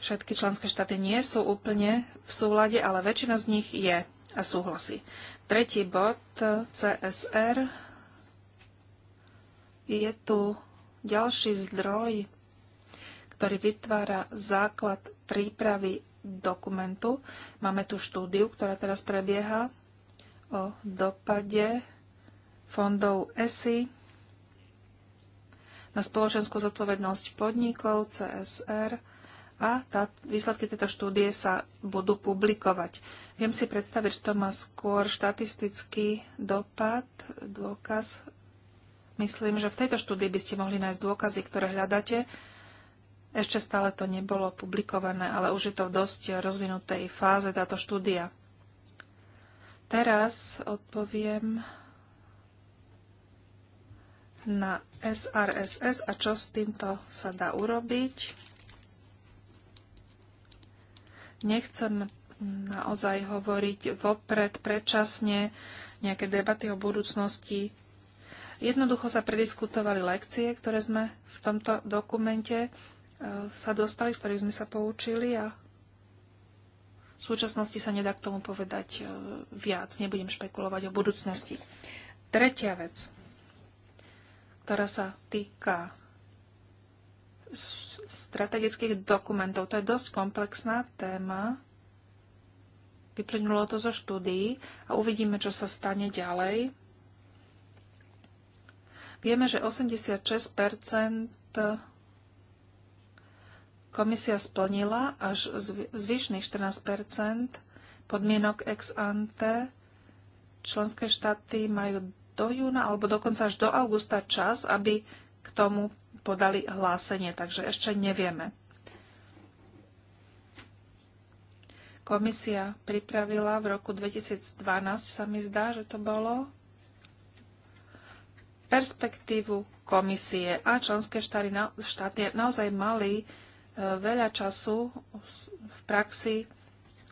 Všetky členské štáty nie sú úplne v súlade, ale väčšina z nich je a súhlasí. Tretí bod e, CSR je tu ďalší zdroj, ktorý vytvára základ prípravy dokumentu. Máme tu štúdiu, ktorá teraz prebieha o dopade fondov ESI na spoločenskú zodpovednosť podnikov CSR a tá, výsledky tejto štúdie sa budú publikovať. Viem si predstaviť, že to má skôr štatistický dopad, dôkaz Myslím, že v tejto štúdii by ste mohli nájsť dôkazy, ktoré hľadáte. Ešte stále to nebolo publikované, ale už je to v dosť rozvinutej fáze táto štúdia. Teraz odpoviem na SRSS a čo s týmto sa dá urobiť. Nechcem naozaj hovoriť vopred, predčasne nejaké debaty o budúcnosti Jednoducho sa prediskutovali lekcie, ktoré sme v tomto dokumente e, sa dostali, z ktorých sme sa poučili a v súčasnosti sa nedá k tomu povedať e, viac. Nebudem špekulovať o budúcnosti. Tretia vec, ktorá sa týka strategických dokumentov. To je dosť komplexná téma. Vyplynulo to zo štúdií a uvidíme, čo sa stane ďalej Vieme, že 86 komisia splnila, až zvyšných 14 podmienok ex ante. Členské štáty majú do júna alebo dokonca až do augusta čas, aby k tomu podali hlásenie, takže ešte nevieme. Komisia pripravila v roku 2012, sa mi zdá, že to bolo, perspektívu komisie a členské štáty, na, štáty naozaj mali e, veľa času v praxi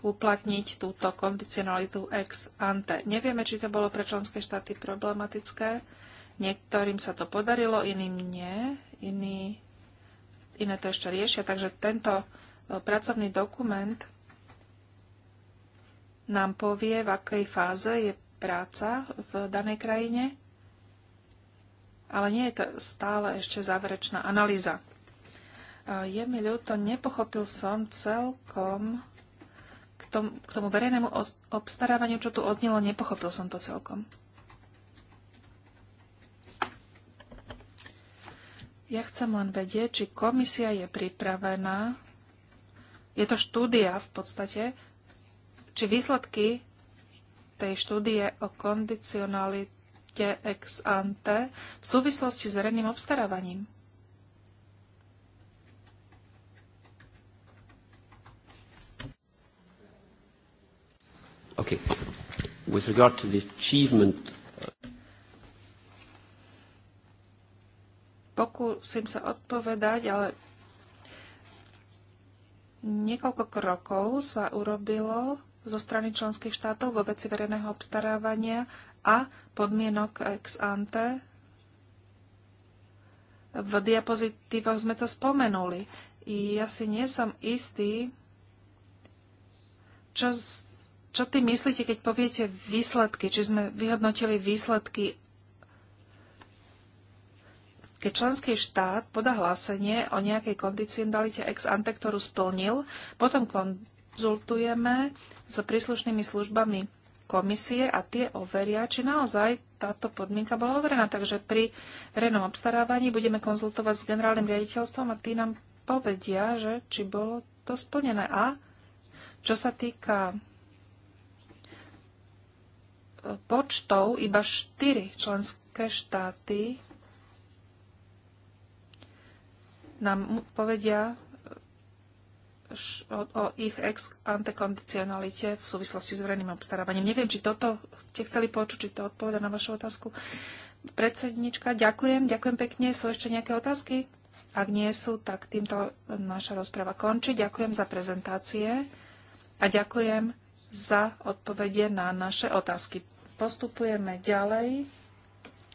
uplatniť túto kondicionalitu ex ante. Nevieme, či to bolo pre členské štáty problematické. Niektorým sa to podarilo, iným nie. Iní, iné to ešte riešia. Takže tento e, pracovný dokument nám povie, v akej fáze je práca v danej krajine ale nie je to stále ešte záverečná analýza. E, je mi ľúto, nepochopil som celkom k tomu, k tomu verejnému obstarávaniu, čo tu odnilo, nepochopil som to celkom. Ja chcem len vedieť, či komisia je pripravená, je to štúdia v podstate, či výsledky tej štúdie o kondicionalite aspekte ex ante v súvislosti s verejným obstarávaním. Okay. With regard to the achievement uh, Pokúsim sa odpovedať, ale niekoľko krokov sa urobilo zo strany členských štátov vo veci verejného obstarávania a podmienok ex ante. V diapozitívoch sme to spomenuli. I ja si nie som istý, čo, čo ty myslíte, keď poviete výsledky, či sme vyhodnotili výsledky keď členský štát podá hlásenie o nejakej kondicionalite ex ante, ktorú splnil, potom konzultujeme s príslušnými službami komisie a tie overia, či naozaj táto podmienka bola overená. Takže pri verejnom obstarávaní budeme konzultovať s generálnym riaditeľstvom a tí nám povedia, že či bolo to splnené. A čo sa týka e, počtov, iba štyri členské štáty nám povedia, o, o ich ex antekondicionalite v súvislosti s verejným obstarávaním. Neviem, či toto ste chceli počuť, či to odpoveda na vašu otázku. Predsednička, ďakujem, ďakujem pekne. Sú ešte nejaké otázky? Ak nie sú, tak týmto naša rozpráva končí. Ďakujem za prezentácie a ďakujem za odpovede na naše otázky. Postupujeme ďalej.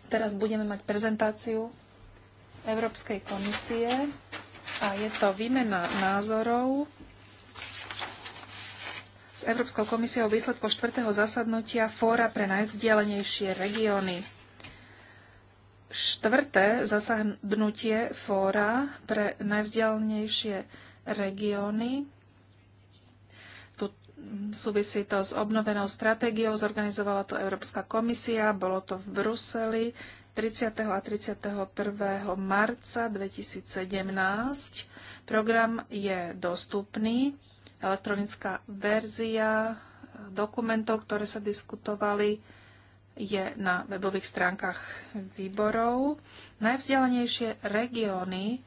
Teraz budeme mať prezentáciu Európskej komisie. A je to výmena názorov s Európskou komisiou výsledkov 4. zasadnutia Fóra pre najvzdialenejšie regióny. Štvrté zasadnutie Fóra pre najvzdialenejšie regióny súvisí to s obnovenou stratégiou, zorganizovala to Európska komisia, bolo to v Bruseli 30. a 31. marca 2017. Program je dostupný. Elektronická verzia dokumentov, ktoré sa diskutovali, je na webových stránkach výborov. Najvzdialenejšie regióny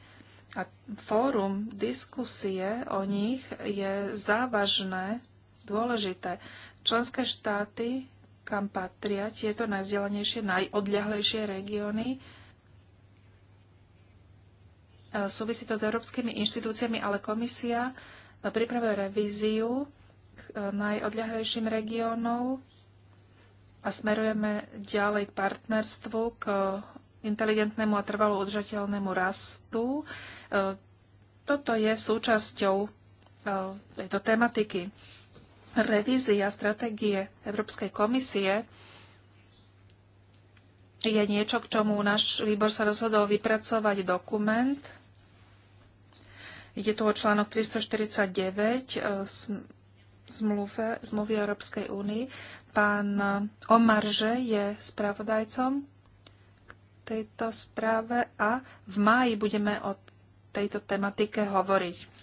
a fórum diskusie o nich je závažné, dôležité. Členské štáty kam patria tieto najvzdelanejšie, najodľahlejšie regióny. E, súvisí to s európskymi inštitúciami, ale komisia e, pripravuje revíziu k e, najodľahlejším regiónom a smerujeme ďalej k partnerstvu, k inteligentnému a trvalo udržateľnému rastu. Toto je súčasťou tejto tematiky. Revízia stratégie Európskej komisie je niečo, k čomu náš výbor sa rozhodol vypracovať dokument. Ide tu o článok 349 e, zmluvy Európskej únii. Pán Omarže je spravodajcom k tejto správe a v máji budeme o tejto tematike hovoriť.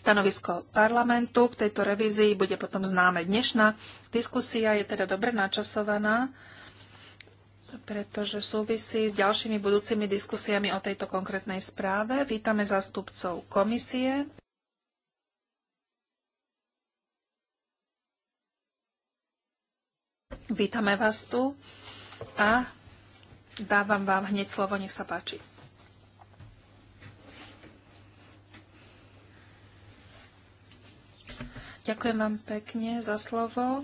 Stanovisko parlamentu k tejto revízii bude potom známe dnešná. Diskusia je teda dobre načasovaná, pretože súvisí s ďalšími budúcimi diskusiami o tejto konkrétnej správe. Vítame zástupcov komisie. Vítame vás tu a dávam vám hneď slovo, nech sa páči. Ďakujem vám pekne za slovo,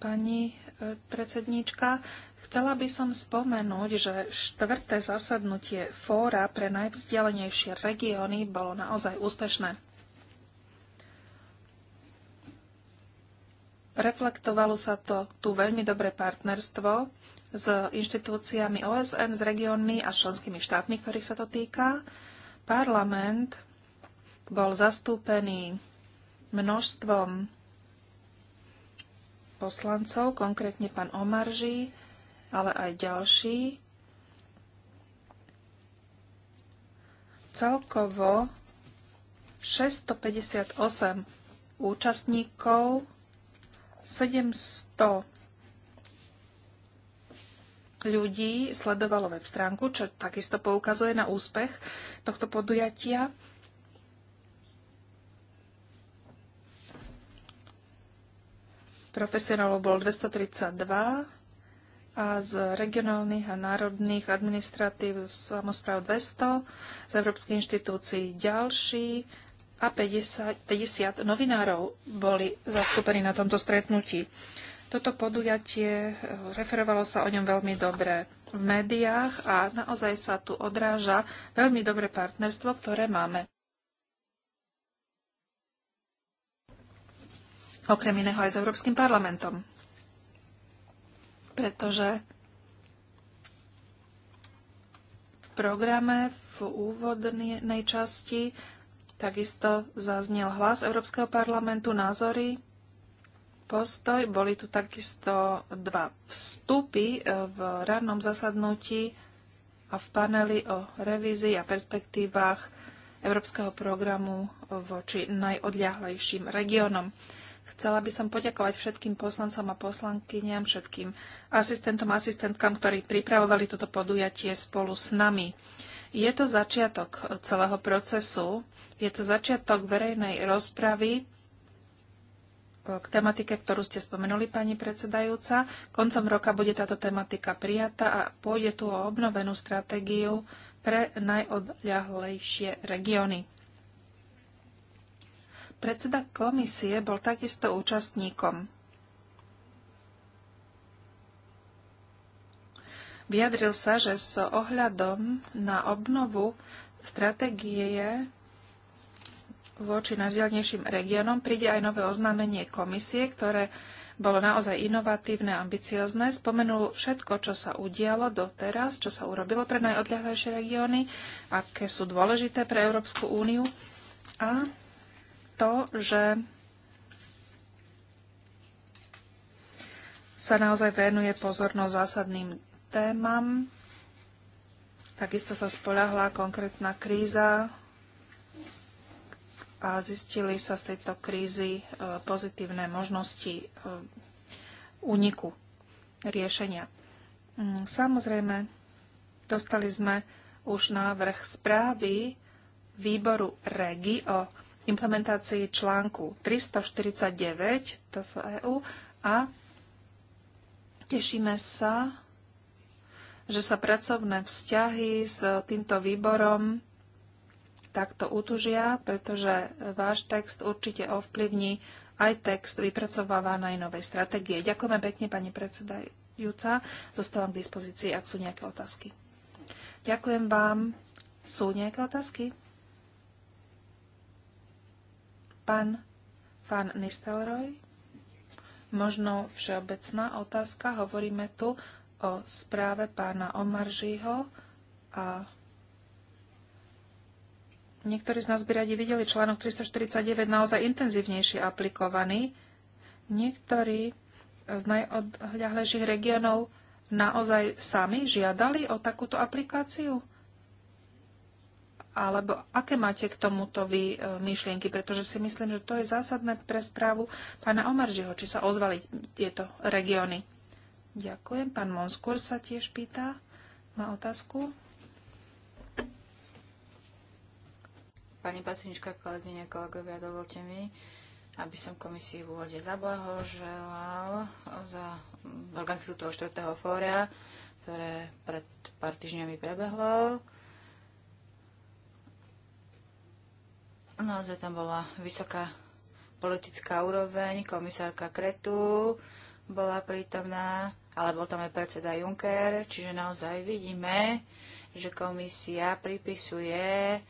pani e, predsedníčka. Chcela by som spomenúť, že štvrté zasadnutie fóra pre najvzdialenejšie regióny bolo naozaj úspešné. Reflektovalo sa to tu veľmi dobré partnerstvo s inštitúciami OSN, s regiónmi a s členskými štátmi, ktorých sa to týka. Parlament bol zastúpený množstvom poslancov, konkrétne pán Omarží, ale aj ďalší. Celkovo 658 účastníkov, 700 ľudí sledovalo web stránku, čo takisto poukazuje na úspech tohto podujatia. profesionálov bolo 232 a z regionálnych a národných administratív samozpráv 200, z Európskych inštitúcií ďalší a 50, 50 novinárov boli zastúpení na tomto stretnutí. Toto podujatie, eh, referovalo sa o ňom veľmi dobre v médiách a naozaj sa tu odráža veľmi dobré partnerstvo, ktoré máme. okrem iného aj s Európskym parlamentom. Pretože v programe v úvodnej časti takisto zaznel hlas Európskeho parlamentu, názory, postoj. Boli tu takisto dva vstupy e, v rannom zasadnutí a v paneli o revízii a perspektívach Európskeho programu voči najodľahlejším regiónom. Chcela by som poďakovať všetkým poslancom a poslankyňam, všetkým asistentom a asistentkám, ktorí pripravovali toto podujatie spolu s nami. Je to začiatok celého procesu, je to začiatok verejnej rozpravy k tematike, ktorú ste spomenuli, pani predsedajúca. Koncom roka bude táto tematika prijatá a pôjde tu o obnovenú stratégiu pre najodľahlejšie regióny. Predseda komisie bol takisto účastníkom. Vyjadril sa, že s ohľadom na obnovu stratégie voči najvzdialnejším regiónom príde aj nové oznámenie komisie, ktoré bolo naozaj inovatívne, ambiciozne. Spomenul všetko, čo sa udialo doteraz, čo sa urobilo pre najodľahlejšie regióny, aké sú dôležité pre Európsku úniu a to, že sa naozaj venuje pozornosť zásadným témam. Takisto sa spolahla konkrétna kríza a zistili sa z tejto krízy e, pozitívne možnosti e, úniku riešenia. Mm, samozrejme, dostali sme už návrh správy výboru REGI o implementácii článku 349 TFEU a tešíme sa, že sa pracovné vzťahy s týmto výborom takto utužia, pretože váš text určite ovplyvní aj text vypracovávanej novej stratégie. Ďakujeme pekne, pani predsedajúca. Zostávam k dispozícii, ak sú nejaké otázky. Ďakujem vám. Sú nejaké otázky? Pán Van Nistelrooy, možno všeobecná otázka. Hovoríme tu o správe pána Omaržího a niektorí z nás by radi videli článok 349 naozaj intenzívnejšie aplikovaný. Niektorí z najodhľahlejších regiónov naozaj sami žiadali o takúto aplikáciu? alebo aké máte k tomuto vy e, myšlienky, pretože si myslím, že to je zásadné pre správu pána Omaržiho, či sa ozvali tieto regióny. Ďakujem. Pán Monskur sa tiež pýta. Má otázku? Pani Pasinička, kolegyne, kolegovia, dovolte mi, aby som komisii v úvode zablahoželal za organizáciu toho 4. fóra, ktoré pred pár týždňami prebehlo. Naozaj tam bola vysoká politická úroveň, komisárka Kretu bola prítomná, ale bol tam aj predseda Juncker, čiže naozaj vidíme, že komisia pripisuje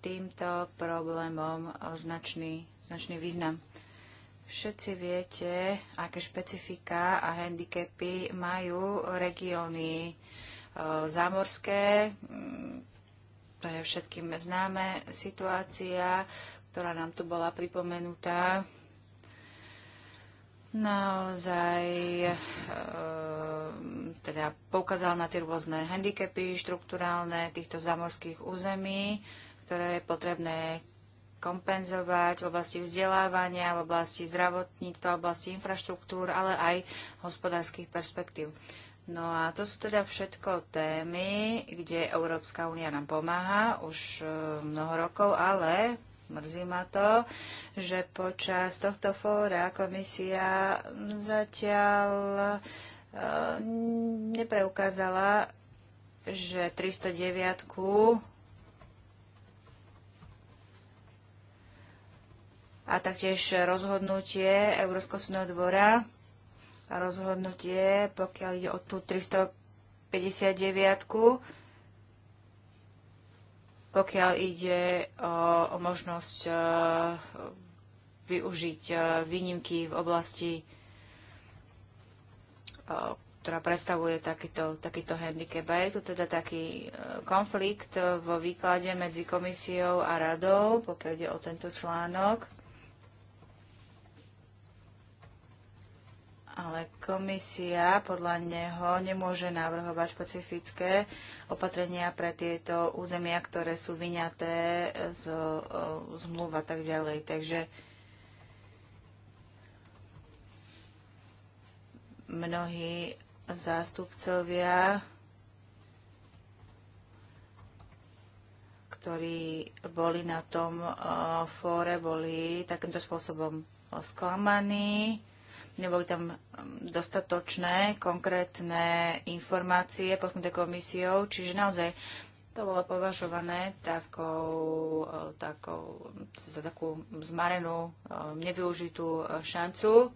týmto problémom značný, značný význam. Všetci viete, aké špecifika a handicapy majú regióny e, zámorské, to je všetkým známe situácia, ktorá nám tu bola pripomenutá. Naozaj e, teda poukázal na tie rôzne handicapy štruktúrálne týchto zamorských území, ktoré je potrebné kompenzovať v oblasti vzdelávania, v oblasti zdravotníctva, v oblasti infraštruktúr, ale aj hospodárskych perspektív. No a to sú teda všetko témy, kde Európska únia nám pomáha už e, mnoho rokov, ale mrzí ma to, že počas tohto fóra komisia zatiaľ e, nepreukázala, že 309 a taktiež rozhodnutie Európskeho dvora rozhodnutie, pokiaľ ide o tú 359 -ku, pokiaľ ide o, o možnosť uh, využiť uh, výnimky v oblasti, uh, ktorá predstavuje takýto, takýto handicap. A je tu teda taký konflikt vo výklade medzi komisiou a radou, pokiaľ ide o tento článok. ale komisia podľa neho nemôže navrhovať špecifické opatrenia pre tieto územia, ktoré sú vyňaté z zmluv a tak ďalej. Takže mnohí zástupcovia, ktorí boli na tom fóre, boli takýmto spôsobom sklamaní neboli tam um, dostatočné konkrétne informácie poskytnuté komisiou, čiže naozaj to bolo považované takou, uh, takou, za takú zmarenú, um, nevyužitú uh, šancu.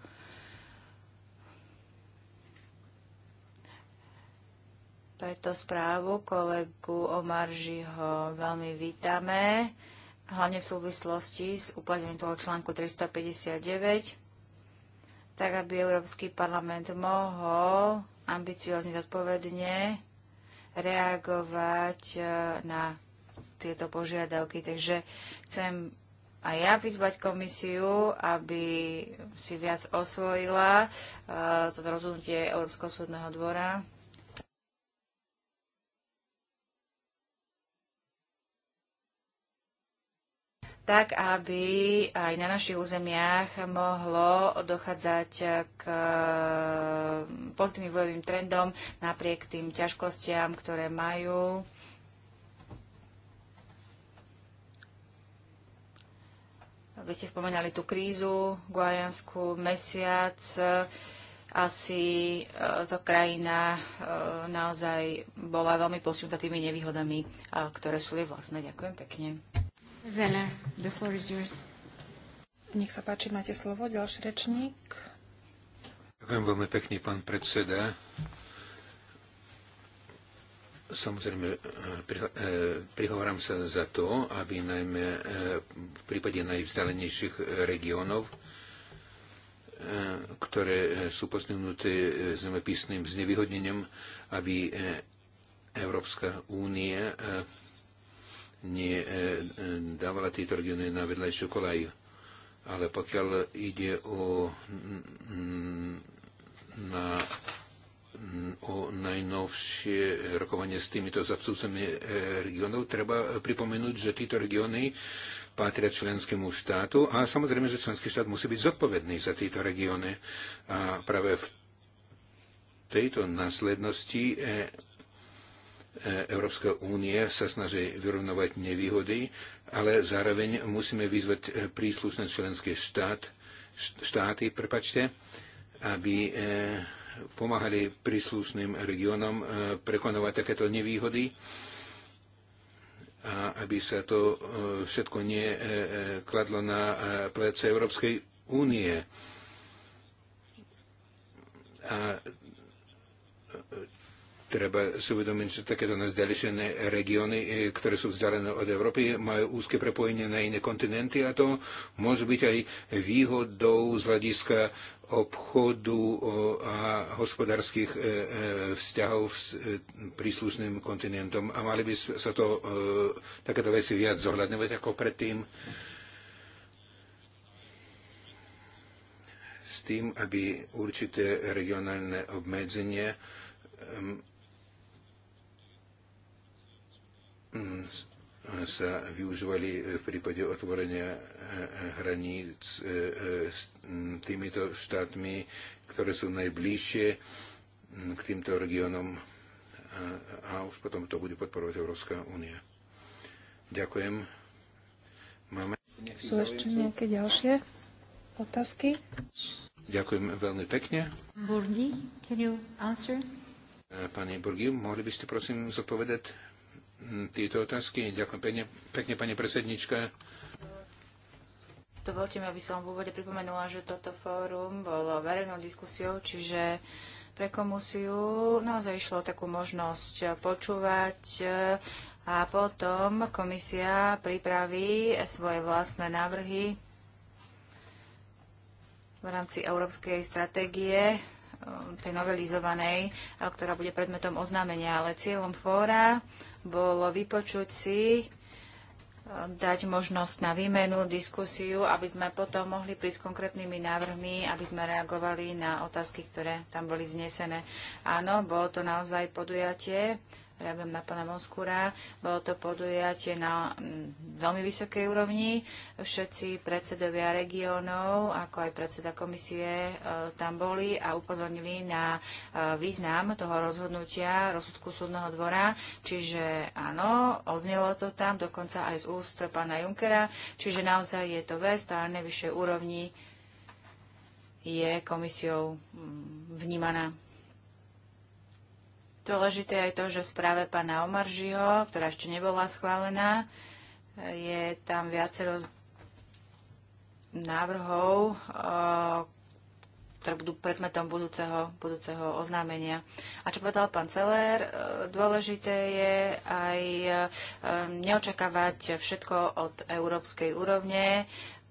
Preto správu kolegu Omaržiho veľmi vítame, hlavne v súvislosti s uplatňovaním toho článku 359 tak aby Európsky parlament mohol ambiciozne zodpovedne reagovať e, na tieto požiadavky. Takže chcem aj ja vyzvať komisiu, aby si viac osvojila e, toto rozhodnutie Európskeho súdneho dvora tak aby aj na našich územiach mohlo dochádzať k eh, pozitívnym vojovým trendom napriek tým ťažkostiam, ktoré majú. Vy ste spomenali tú krízu guajanskú mesiac. Asi eh, to krajina eh, naozaj bola veľmi posunutá tými nevýhodami, ktoré sú jej vlastné. Ďakujem pekne. Zeller, the floor is yours. Nech sa páči, máte slovo, ďalší rečník. Ďakujem veľmi pekne, pán predseda. Samozrejme, eh, eh, prihovorám sa za to, aby najmä eh, v prípade najvzdalenejších regiónov, ktoré sú postihnuté zemepisným znevýhodnením, aby Európska únia nie e, e, dávala tieto regióny na vedľajšiu kolej. Ale pokiaľ ide o, na, o najnovšie rokovanie s týmito zapsúcami e, regionov, treba pripomenúť, že tieto regióny patria členskému štátu a samozrejme, že členský štát musí byť zodpovedný za tieto regióny. A práve v tejto následnosti E, Európska únie sa snaží vyrovnovať nevýhody, ale zároveň musíme vyzvať e, príslušné členské štát, štáty, prepačte, aby e, pomáhali príslušným regiónom prekonovať takéto nevýhody a aby sa to všetko nekladlo na plece Európskej únie. A Treba si uvedomiť, že takéto najvzdialešené regióny, e, ktoré sú vzdialené od Európy, majú úzke prepojenie na iné kontinenty a to môže byť aj výhodou z hľadiska obchodu e, a hospodárskych e, vzťahov s príslušným kontinentom. A mali by sa to takéto veci viac zohľadňovať ako predtým. s tým, aby určité regionálne obmedzenie Mm, sa využívali v prípade otvorenia e, e, hraníc e, s týmito štátmi, ktoré sú najbližšie mm, k týmto regiónom a už potom to bude podporovať Európska únia. Ďakujem. Máme... Sú ešte nejaké ďalšie otázky? Ďakujem veľmi pekne. Burgi, can you answer? Pani Burgi, mohli by ste prosím zodpovedať tieto otázky. Ďakujem pekne, pekne pani predsednička. Dovolte mi, aby som v úvode pripomenula, že toto fórum bolo verejnou diskusiou, čiže pre komisiu naozaj išlo takú možnosť počúvať e, a potom komisia pripraví svoje vlastné návrhy v rámci európskej stratégie Eh, tej novelizovanej, eh, ktorá bude predmetom oznámenia, ale cieľom fóra bolo vypočuť si eh, dať možnosť na výmenu, diskusiu, aby sme potom mohli prísť konkrétnymi návrhmi, aby sme reagovali na otázky, ktoré tam boli vznesené. Áno, bolo to naozaj podujatie, viem na pána Moskúra. Bolo to podujatie na mm, veľmi vysokej úrovni. Všetci predsedovia regiónov, ako aj predseda komisie, e, tam boli a upozornili na e, význam toho rozhodnutia rozsudku súdneho dvora. Čiže áno, odznelo to tam, dokonca aj z úst pána Junkera. Čiže naozaj je to vec, tá najvyššej úrovni je komisiou mm, vnímaná Dôležité je to, že v správe pána Omaržiho, ktorá ešte nebola schválená, je tam viacero návrhov, ktoré budú predmetom budúceho, budúceho oznámenia. A čo povedal pán Celer, dôležité je aj neočakávať všetko od európskej úrovne.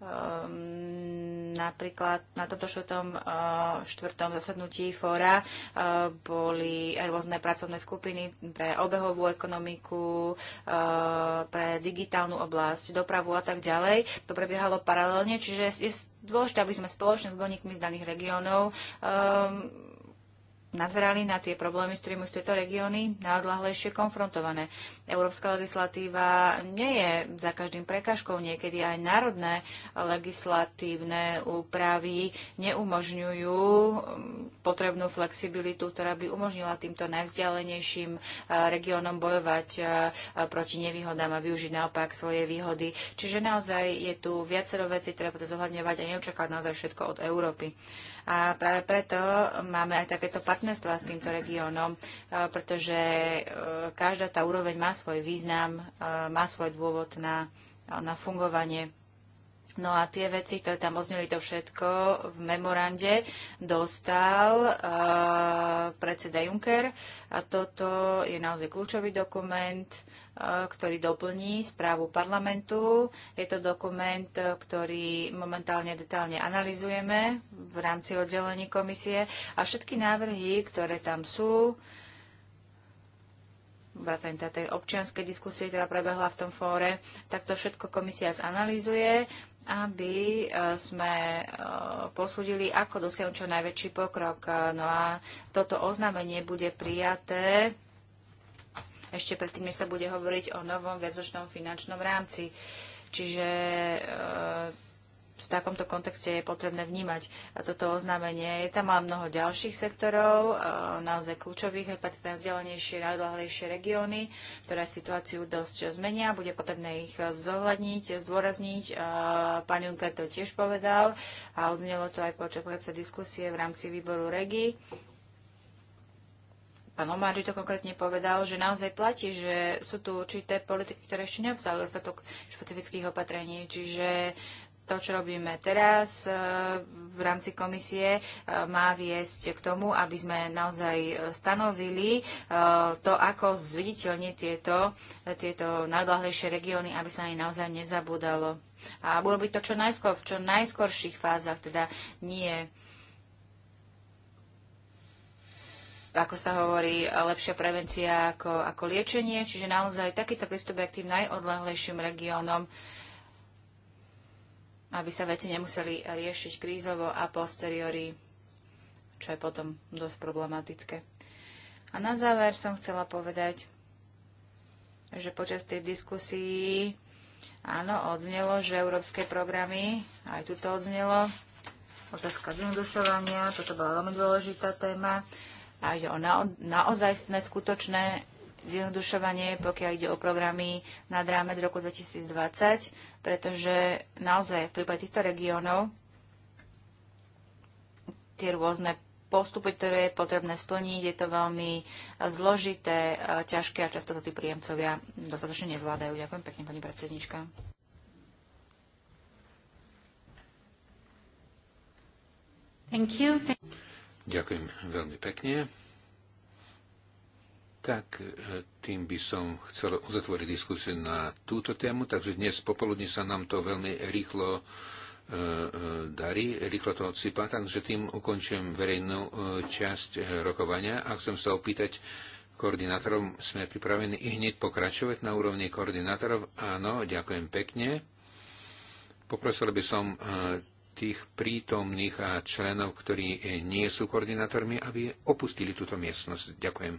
Ehm, napríklad na tomto štvrtom, eh, štvrtom zasadnutí fóra eh, boli rôzne pracovné skupiny pre obehovú ekonomiku, eh, pre digitálnu oblasť, dopravu a tak ďalej. To prebiehalo paralelne, čiže je zložité, aby sme spoločne s odborníkmi z daných regiónov um, nazerali na tie problémy, s ktorými sú tieto regióny najodlahlejšie konfrontované. Európska legislatíva nie je za každým prekažkou, niekedy aj národné legislatívne úpravy neumožňujú mm, potrebnú flexibilitu, ktorá by umožnila týmto najvzdialenejším e, regiónom bojovať e, e, proti nevýhodám a využiť naopak svoje výhody. Čiže naozaj je tu viacero vecí, ktoré treba zohľadňovať a neočakávať naozaj všetko od Európy. A práve preto máme aj takéto partnerstva s týmto regiónom, e, pretože e, každá tá úroveň má svoj význam, e, má svoj dôvod na, na fungovanie No a tie veci, ktoré tam ozneli, to všetko v memorande dostal uh, predseda Juncker. A toto je naozaj kľúčový dokument. E, ktorý doplní správu parlamentu. Je to dokument, e, ktorý momentálne detálne analizujeme v rámci oddelení komisie a všetky návrhy, ktoré tam sú, vrátane teda tej občianskej diskusie, ktorá prebehla v tom fóre, tak to všetko komisia zanalizuje, aby e, sme posúdili, ako dosiahnuť čo najväčší pokrok. No a toto oznámenie bude prijaté ešte predtým, než sa bude hovoriť o novom väzočnom finančnom rámci. Čiže e, v takomto kontexte je potrebné vnímať toto oznámenie. Je tam ale mnoho ďalších sektorov, e, naozaj kľúčových, tam vzdelanejšie, najdlhlejšie regióny, ktoré situáciu dosť zmenia. Bude potrebné ich zohľadniť, zdôrazniť. E, pán Juncker to tiež povedal a odznelo to aj počas diskusie v rámci výboru REGI. Pán Omar to konkrétne povedal, že naozaj platí, že sú tu určité politiky, ktoré ešte neobsahujú dostatok špecifických opatrení, čiže to, čo robíme teraz e, v rámci komisie, e, má viesť k tomu, aby sme naozaj stanovili e, to, ako zviditeľne tieto, tieto najodlahlejšie regióny, aby sa ani naozaj nezabúdalo. A urobiť to čo najskôr, v čo najskorších fázach, teda nie ako sa hovorí, lepšia prevencia ako, ako liečenie, čiže naozaj takýto prístup je k tým najodlahlejším regiónom, aby sa veci nemuseli riešiť krízovo a posteriori, čo je potom dosť problematické. A na záver som chcela povedať, že počas tej diskusii áno, odznelo, že európske programy, aj tu to odznelo, otázka zjednodušovania, toto bola veľmi dôležitá téma, a ide o nao- naozajstné skutočné zjednodušovanie, pokiaľ ide o programy nad rámec roku 2020, pretože naozaj v prípade týchto regiónov tie rôzne postupy, ktoré je potrebné splniť, je to veľmi eh, zložité, eh, ťažké a často to tí príjemcovia dostatočne nezvládajú. Ďakujem pekne, pani predsednička. Thank you. Thank you. Ďakujem veľmi pekne. Tak e, tým by som chcel uzatvoriť diskusiu na túto tému, takže dnes popoludne sa nám to veľmi rýchlo e, e, darí, rýchlo to odsýpa, takže tým ukončujem verejnú časť rokovania a chcem sa opýtať koordinátorov, sme pripravení i hneď pokračovať na úrovni koordinátorov? Áno, ďakujem pekne. Poprosil by som tých prítomných a členov, ktorí nie sú koordinátormi, aby opustili túto miestnosť. Ďakujem.